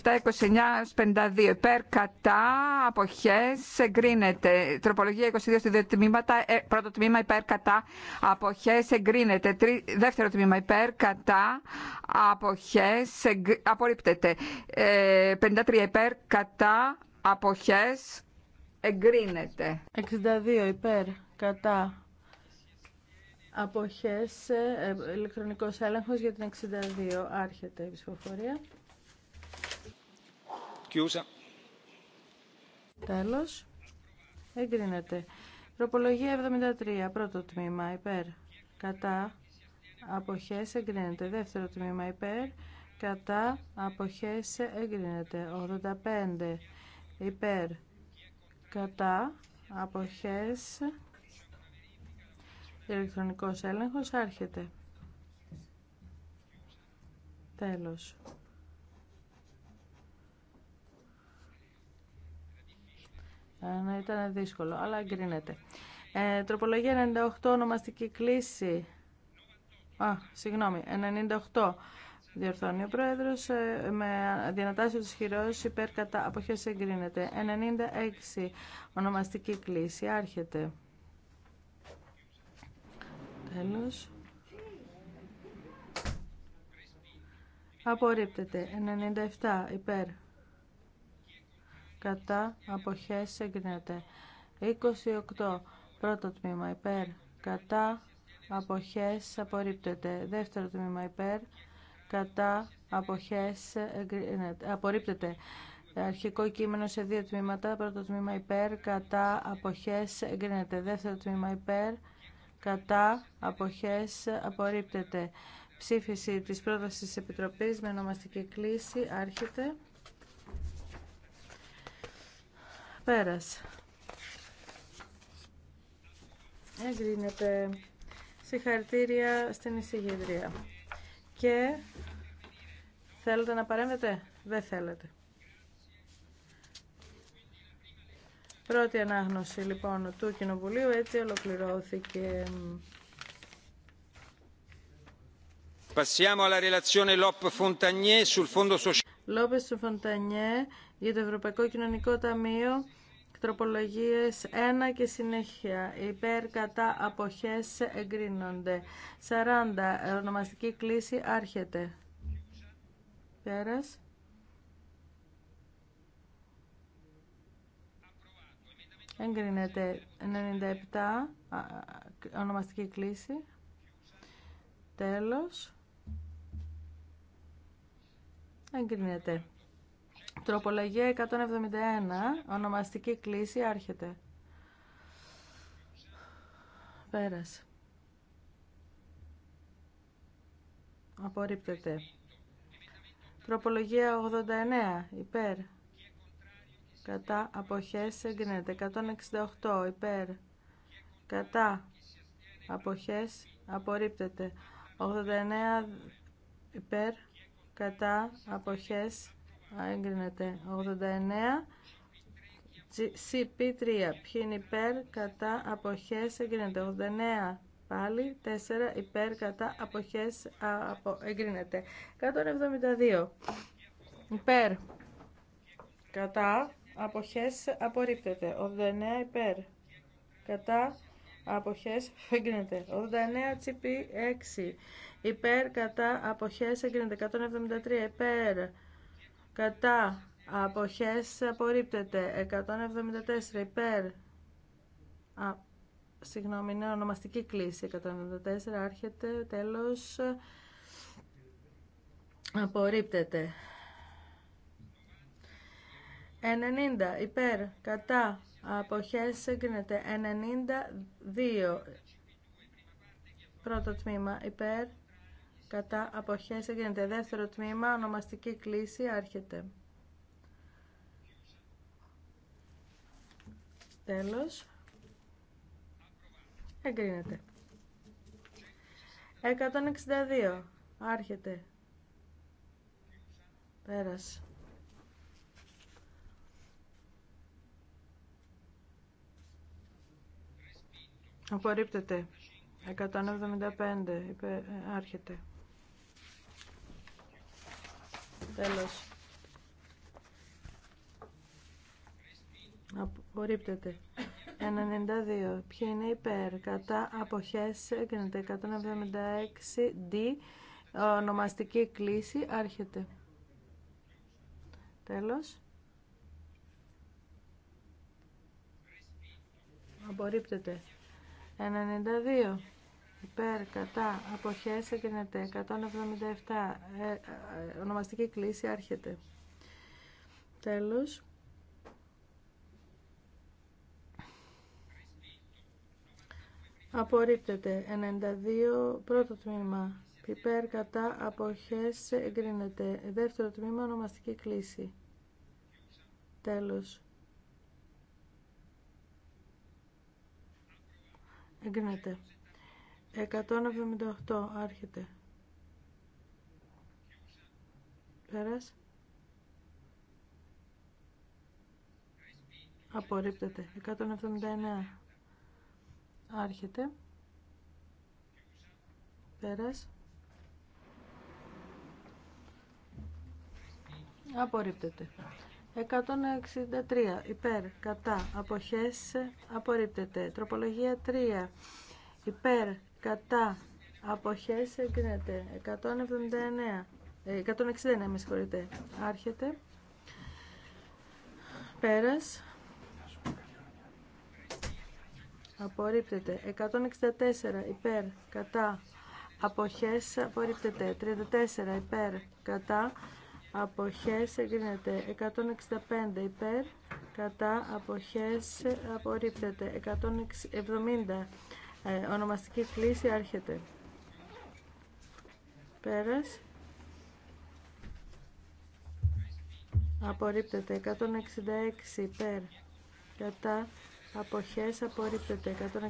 27, 29, 52. Υπέρ, κατά, αποχές, εγκρίνεται. Τροπολογία 22 στη δύο τμήματα. Πρώτο τμήμα υπέρ, κατά, αποχές, εγκρίνεται. Δεύτερο τμήμα υπέρ, κατά, αποχές, εγκ... απορρίπτεται. 53 υπέρ, κατά, αποχές, εγκρίνεται. 62 υπέρ, κατά. Αποχές, ε, ηλεκτρονικός έλεγχος για την 62. Άρχεται η ψηφοφορία. Κιούσα. Τέλος. Εγκρίνεται. Τροπολογία 73. Πρώτο τμήμα υπέρ. Κατά. Αποχές εγκρίνεται. Δεύτερο τμήμα υπέρ. Κατά. Αποχές εγκρίνεται. 85. Υπέρ κατά αποχές ηλεκτρονικός έλεγχος άρχεται τέλος ε, να ήταν δύσκολο αλλά εγκρίνεται ε, τροπολογία 98 ονομαστική κλίση α, συγγνώμη 98 διορθώνει ο πρόεδρος, ε, με διανατάσσεω της χειρός υπέρ κατά αποχές εγκρίνεται. 96 ονομαστική κλίση, άρχεται. Τέλος. Απορρίπτεται. 97 υπέρ. Κατά αποχές εγκρίνεται. 28 πρώτο τμήμα υπέρ. Κατά αποχές απορρίπτεται. Δεύτερο τμήμα υπέρ κατά αποχές ε, ναι, απορρίπτεται. Αρχικό κείμενο σε δύο τμήματα. Πρώτο τμήμα υπέρ, κατά αποχές εγκρίνεται. Δεύτερο τμήμα υπέρ, κατά αποχές απορρίπτεται. Ψήφιση της πρότασης Επιτροπής με ονομαστική κλίση άρχεται. Πέρας. Εγκρίνεται. Συγχαρητήρια στην εισηγητρία και θέλετε να παρέμβετε. Δεν θέλετε. Πρώτη ανάγνωση λοιπόν του Κοινοβουλίου έτσι ολοκληρώθηκε. Passiamo alla relazione για το Ευρωπαϊκό Κοινωνικό Ταμείο Τροπολογίες 1 και συνέχεια. Υπέρ κατά αποχές εγκρίνονται. 40. Ονομαστική κλίση άρχεται. Πέρας. Εγκρίνεται 97. Ονομαστική κλίση. Τέλος. Εγκρίνεται. Τροπολογία 171. Ονομαστική κλίση άρχεται. Πέρασε. Απορρίπτεται. Τροπολογία 89. Υπέρ. Κατά αποχές εγκρίνεται. 168. Υπέρ. Κατά αποχές απορρίπτεται. 89. Υπέρ. Κατά αποχές έγκρινεται 89 CP3 ποιοι είναι υπέρ κατά αποχές έγκρινεται 89 πάλι 4 υπέρ κατά αποχές απο, εγκρίνεται 172 υπέρ κατά αποχές απορρίπτεται 89 υπέρ κατά αποχές εγκρίνεται 89 cp 6 υπέρ κατά αποχές εγκρίνεται 173 υπέρ κατά αποχές απορρίπτεται 174 υπέρ α, συγγνώμη είναι ονομαστική κλίση 174 άρχεται τέλος απορρίπτεται 90 υπέρ κατά αποχές εγκρίνεται 92 πρώτο τμήμα υπέρ κατά αποχές εγκρίνεται. Δεύτερο τμήμα, ονομαστική κλίση, άρχεται. Τέλος. Εγκρίνεται. 162. Άρχεται. Πέρασε. Απορρίπτεται. 175. Ε, άρχεται. Τέλος. Απορρίπτεται. 92. Ποια είναι υπέρ. Κατά αποχές έγκρινεται. 176. D. Ονομαστική κλίση. Άρχεται. Τέλος. Απορρίπτεται. 92 υπέρ, κατά, αποχές, εγκρίνεται. 177, ε, ε, ονομαστική κλίση, άρχεται. Τέλος. Απορρίπτεται. 92, πρώτο τμήμα. Υπέρ, κατά, αποχές, εγκρίνεται. Δεύτερο τμήμα, ονομαστική κλίση. Τέλος. Εγκρίνεται. 178 άρχεται. Πέρας. Απορρίπτεται. 179 άρχεται. Πέρας. Απορρίπτεται. 163 υπέρ, κατά, αποχές, απορρίπτεται. Τροπολογία 3 υπέρ, κατά αποχές εγκρίνεται 179 169 ε, με συγχωρείτε άρχεται πέρας απορρίπτεται 164 υπέρ κατά αποχές απορρίπτεται 34 υπέρ κατά αποχές εγκρίνεται 165 υπέρ κατά αποχές απορρίπτεται 170 ε, ονομαστική κλίση άρχεται. Πέρας. Απορρίπτεται. 166 υπέρ. Κατά. Αποχές απορρίπτεται 167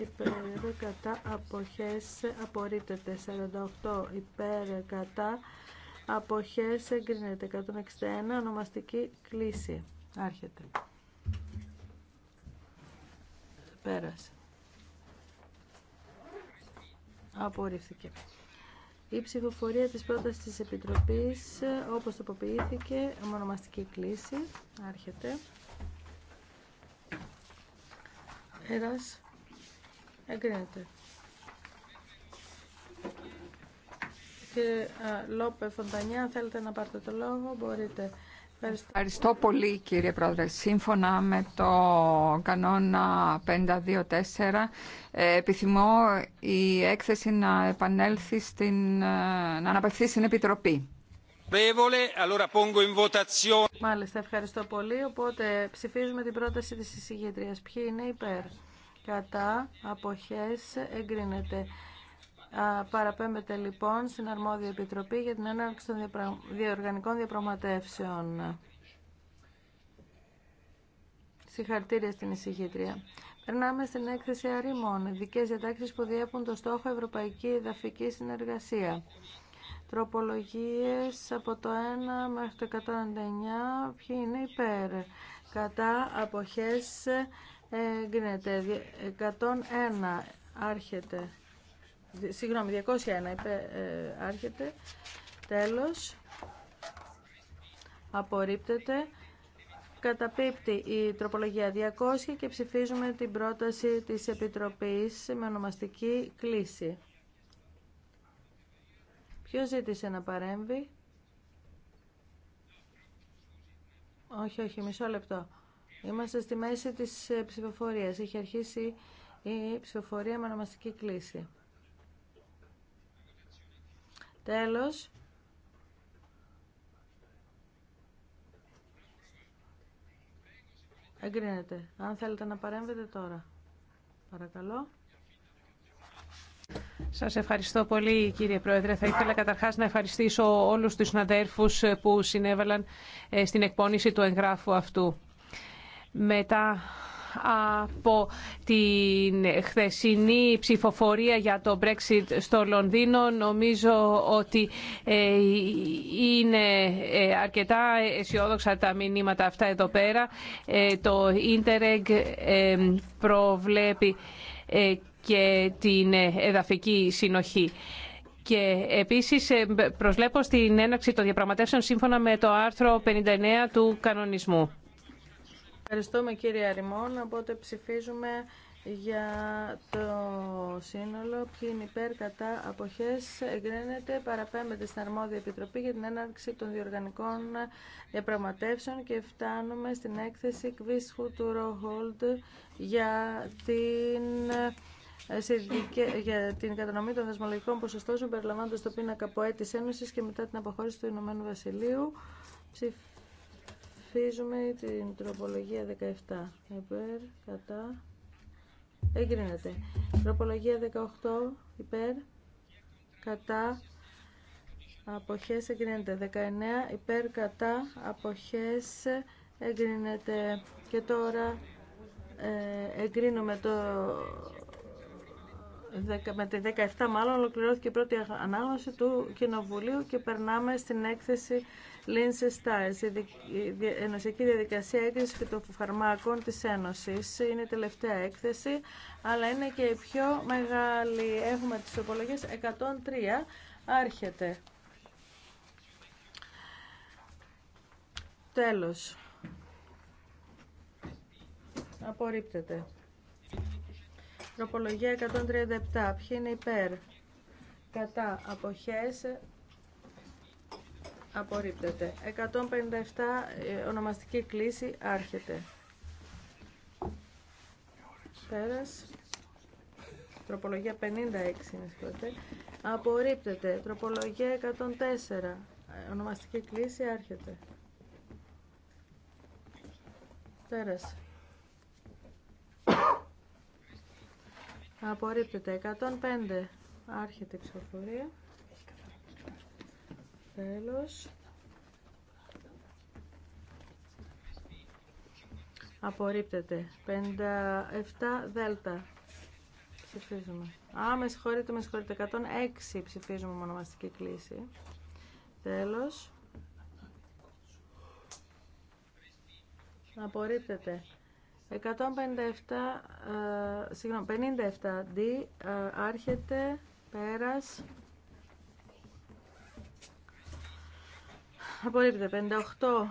υπέρ κατά αποχές απορρίπτεται 48 υπέρ κατά αποχές εγκρίνεται 161 ονομαστική κλίση άρχεται πέρασε Απορρίφθηκε. Η ψηφοφορία της πρότασης της Επιτροπής, όπως τοποποιήθηκε, μονομαστική κλίση, άρχεται. Έρας, εγκρίνεται. Κύριε Λόπε Φοντανιά, θέλετε να πάρετε το λόγο, μπορείτε. Ευχαριστώ. πολύ κύριε Πρόεδρε. Σύμφωνα με το κανόνα 524 ε, επιθυμώ η έκθεση να επανέλθει στην, ε, να αναπευθεί στην Επιτροπή. Μάλιστα, ευχαριστώ πολύ. Οπότε ψηφίζουμε την πρόταση της εισηγήτριας. Ποιοι είναι υπέρ. Κατά αποχές εγκρίνεται. Παραπέμπεται λοιπόν στην αρμόδια επιτροπή για την έναρξη των διοργανικών διαπραγματεύσεων. Συγχαρητήρια στην εισηγήτρια. Περνάμε στην έκθεση αρήμων, ειδικέ διατάξει που διέπουν το στόχο Ευρωπαϊκή Εδαφική Συνεργασία. Τροπολογίε από το 1 μέχρι το 199. Ποιοι είναι υπέρ. Κατά αποχέ γίνεται. 101. Άρχεται. Συγγνώμη, 201 είπε, ε, άρχεται. Τέλος. Απορρίπτεται. Καταπίπτει η τροπολογία 200 και ψηφίζουμε την πρόταση της Επιτροπής με ονομαστική κλίση. Ποιος ζήτησε να παρέμβει? Όχι, όχι, μισό λεπτό. Είμαστε στη μέση της ε, ψηφοφορίας. Έχει αρχίσει η ψηφοφορία με ονομαστική κλίση. Τέλος. Εγκρίνεται. Αν θέλετε να παρέμβετε τώρα. Παρακαλώ. Σας ευχαριστώ πολύ κύριε Πρόεδρε. Θα ήθελα καταρχάς να ευχαριστήσω όλους τους συναδέρφους που συνέβαλαν ε, στην εκπόνηση του εγγράφου αυτού. Μετά από την χθεσινή ψηφοφορία για το Brexit στο Λονδίνο. Νομίζω ότι ε, είναι ε, αρκετά αισιόδοξα τα μηνύματα αυτά εδώ πέρα. Ε, το Interreg προβλέπει και την εδαφική συνοχή. Και επίσης προσλέπω στην έναρξη των διαπραγματεύσεων σύμφωνα με το άρθρο 59 του κανονισμού. Ευχαριστούμε κύριε Αριμών, οπότε ψηφίζουμε για το σύνολο. Ποιοι είναι υπέρ κατά αποχές εγκρίνεται, παραπέμπεται στην αρμόδια επιτροπή για την έναρξη των διοργανικών διαπραγματεύσεων και φτάνουμε στην έκθεση Κβίσχου του Ροχόλτ για την ε, για την κατανομή των δεσμολογικών ποσοστώσεων περιλαμβάνοντας το πίνακα από έτη Ένωση και μετά την αποχώρηση του Ηνωμένου Βασιλείου. Ψηφίζουμε την τροπολογία 17. Υπέρ, κατά. Εγκρίνεται. Τροπολογία 18. Υπέρ, κατά. Αποχές εγκρίνεται. 19. Υπέρ, κατά. Αποχές εγκρίνεται. Και τώρα ε, εγκρίνουμε το με τη 17 μάλλον ολοκληρώθηκε η πρώτη ανάγνωση του Κοινοβουλίου και περνάμε στην έκθεση Λίνσες Stars, η Ενωσιακή Διαδικασία Έγκρισης Φυτοφαρμάκων της Ένωσης. Είναι η τελευταία έκθεση, αλλά είναι και η πιο μεγάλη. Έχουμε τις τροπολογίες 103. Άρχεται. Τέλος. Απορρίπτεται. Τροπολογία 137. Ποιοι είναι υπέρ. Κατά. Αποχές απορρίπτεται. 157 ε, ονομαστική κλίση άρχεται. Πέρας. Τροπολογία 56 είναι συγχωρείτε. Απορρίπτεται. Τροπολογία 104. Ε, ονομαστική κλίση άρχεται. Πέρας. Απορρίπτεται. 105. Άρχεται η ψηφοφορία. Τέλος. Απορρίπτεται. 57 δέλτα. Ψηφίζουμε. Α, με συγχωρείτε, με συγχωρείτε. 106 ψηφίζουμε μονομαστική κλίση. Τέλος. Απορρίπτεται. 157, ε, συγγνώμη, 57 D, ε, άρχεται, πέρας, Απορρίπτεται. 58.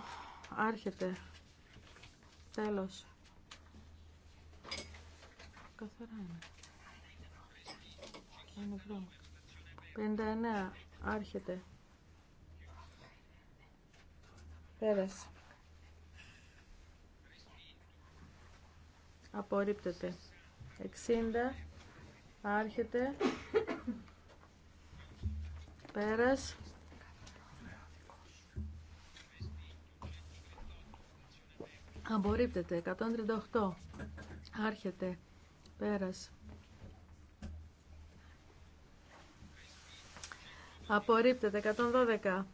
Άρχεται. Τέλος. Καθαρά είναι. 59. Άρχεται. Πέρασε. Απορρίπτεται. 60. Άρχεται. πέρασε, Απορρίπτεται. 138. Άρχεται. Πέρας. Απορρίπτεται. 112.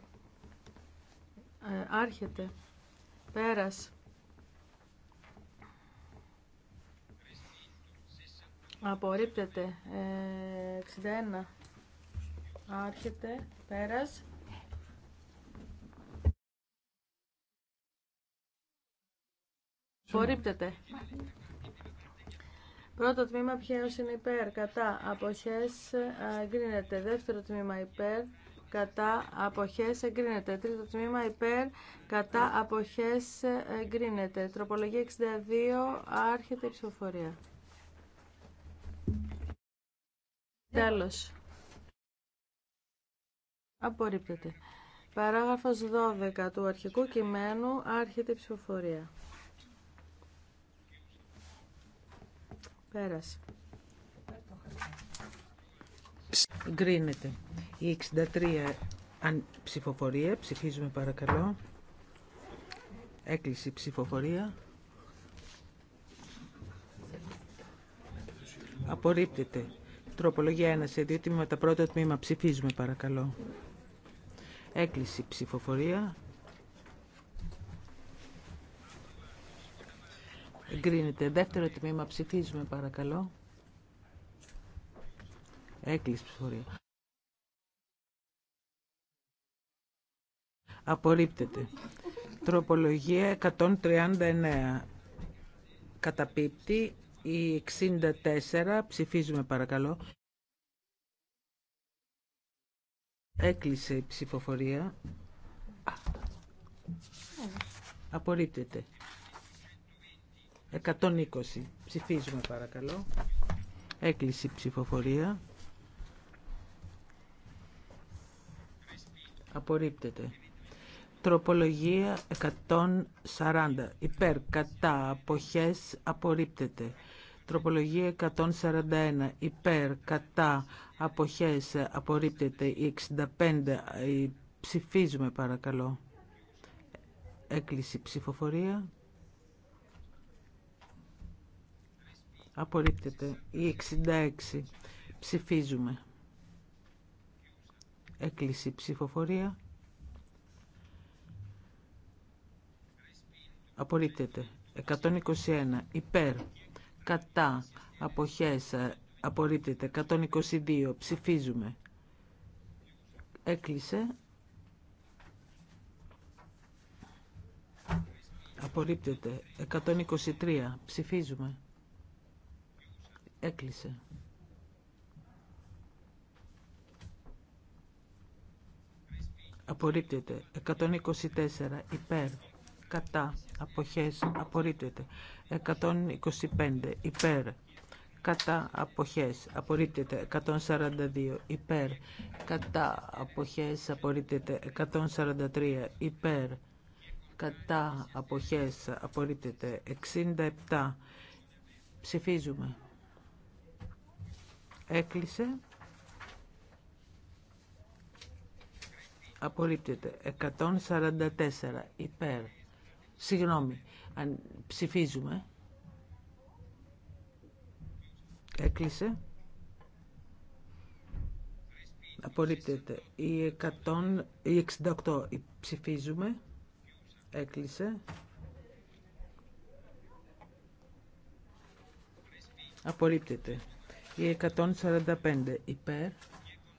Ε, άρχεται. Πέρας. Απορρίπτεται. 61. Ε, άρχεται. Πέρας. Απορρίπτεται. Πρώτο τμήμα ποιος είναι υπέρ, κατά, αποχές, εγκρίνεται. Δεύτερο τμήμα υπέρ, κατά, αποχές, εγκρίνεται. Τρίτο τμήμα υπέρ, κατά, αποχές, εγκρίνεται. Τροπολογία 62, άρχεται η ψηφοφορία. Τέλος. Απορρίπτεται. Παράγραφος 12 του αρχικού κειμένου, άρχεται η ψηφοφορία. καλησπέρας. Γκρίνεται. Η 63 αν... ψηφοφορία. Ψηφίζουμε παρακαλώ. Έκλειση ψηφοφορία. Απορρίπτεται. Τροπολογία 1 σε δύο τμήματα. Πρώτο τμήμα ψηφίζουμε παρακαλώ. Έκλειση ψηφοφορία. Εγκρίνεται. Δεύτερο τμήμα ψηφίζουμε παρακαλώ. Έκλεισε ψηφορία. Απορρίπτεται. Τροπολογία 139. Καταπίπτει η 64. Ψηφίζουμε παρακαλώ. Έκλεισε η ψηφοφορία. Απορρίπτεται. 120. Ψηφίζουμε παρακαλώ. Έκλειση ψηφοφορία. Απορρίπτεται. Τροπολογία 140. Υπέρ, κατά, αποχές, απορρίπτεται. Τροπολογία 141. Υπέρ, κατά, αποχές, απορρίπτεται. Η 65. Ε, ψηφίζουμε παρακαλώ. Έκλειση ψηφοφορία. Απορρίπτεται. Η 66. Ψηφίζουμε. η ψηφοφορία. Απορρίπτεται. 121. Υπέρ. Κατά. Αποχές. Απορρίπτεται. 122. Ψηφίζουμε. Έκλεισε. Απορρίπτεται. 123. Ψηφίζουμε. Έκλεισε. Απορρίπτεται. 124 υπέρ. Κατά. Αποχές. Απορρίπτεται. 125 υπέρ. Κατά. Αποχές. Απορρίπτεται. 142 υπέρ. Κατά. Αποχές. Απορρίπτεται. 143 υπέρ. Κατά. Αποχές. Απορρίπτεται. 67. Ψηφίζουμε. Έκλεισε. Απορρίπτεται. 144 υπέρ. Συγγνώμη. Αν ψηφίζουμε. Έκλεισε. Απορρίπτεται. Η, 100, η 68 ψηφίζουμε. Έκλεισε. Απορρίπτεται. Η 145 υπέρ,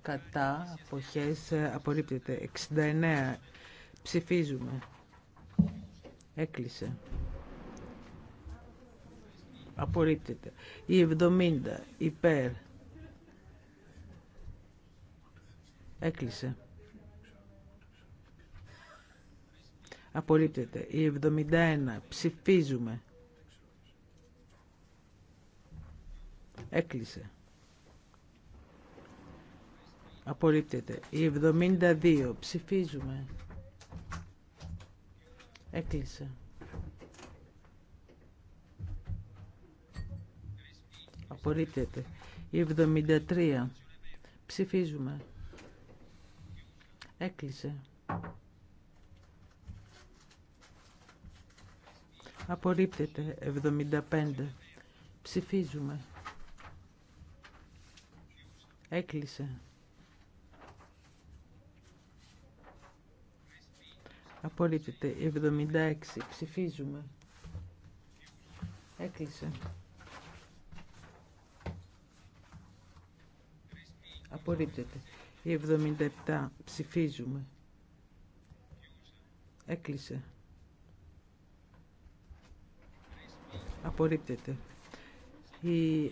κατά, αποχές, ε, απορρίπτεται. 69 ψηφίζουμε. Έκλεισε. Απορρίπτεται. Η 70 υπέρ. Έκλεισε. Απορρίπτεται. Η 71 ψηφίζουμε. Έκλεισε. Απορρίπτεται. Η 72. Ψηφίζουμε. Έκλεισε. Απορρίπτεται. Η 73. Ψηφίζουμε. Έκλεισε. Απορρίπτεται. 75. Ψηφίζουμε. Έκλεισε. Απορρίπτεται. 76. Ψηφίζουμε. Έκλεισε. Απορρίπτεται. 77. Ψηφίζουμε. Έκλεισε. Απορρίπτεται. Η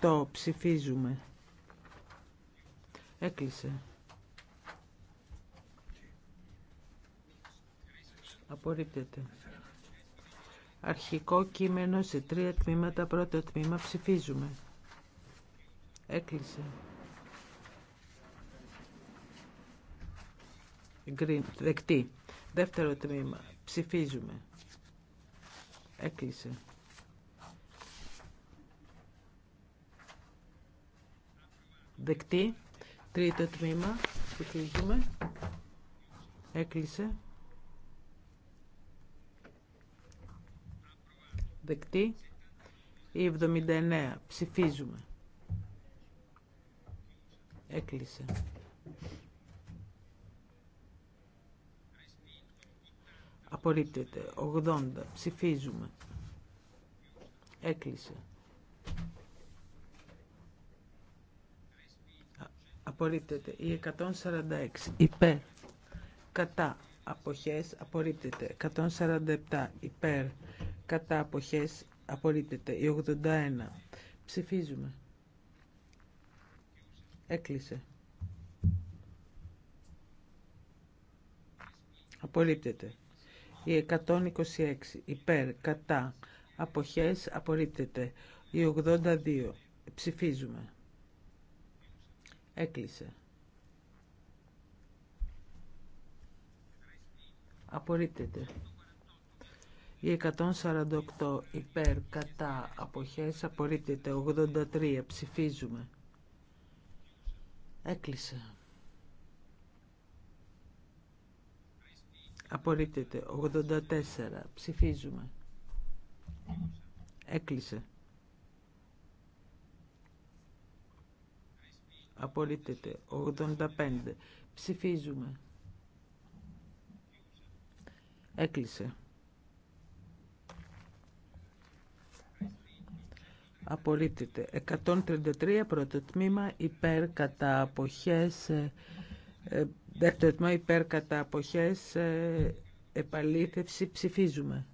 78. Ψηφίζουμε. Έκλεισε. Απορρίπτεται. Αρχικό κείμενο σε τρία τμήματα. Πρώτο τμήμα ψηφίζουμε. Έκλεισε. δεκτή. Δεύτερο τμήμα. Ψηφίζουμε. Έκλεισε. Δεκτή. Τρίτο τμήμα Ψηφίζουμε. Έκλεισε. Δεκτή. Η 79. Ψηφίζουμε. Έκλεισε. Απορρίπτεται. 80. Ψηφίζουμε. Έκλεισε. απορρίπτεται. Η 146 υπέρ κατά αποχές απορρίπτεται. 147 υπέρ κατά αποχές απορρίπτεται. Η 81 ψηφίζουμε. Έκλεισε. Απορρίπτεται. Η 126 υπέρ κατά αποχές απορρίπτεται. Η 82 ψηφίζουμε. Έκλεισε. Απορρίπτεται. Η 148 υπέρ κατά αποχές απορρίπτεται. 83 ψηφίζουμε. Έκλεισε. Απορρίπτεται. 84 ψηφίζουμε. Έκλεισε. απορρίπτεται. 85. Ψηφίζουμε. Έκλεισε. Απορρίπτεται. 133 πρώτο τμήμα υπέρ κατά αποχές. Ε, ε, δεύτερο τμήμα υπέρ κατά αποχές. Ε, επαλήθευση ψηφίζουμε.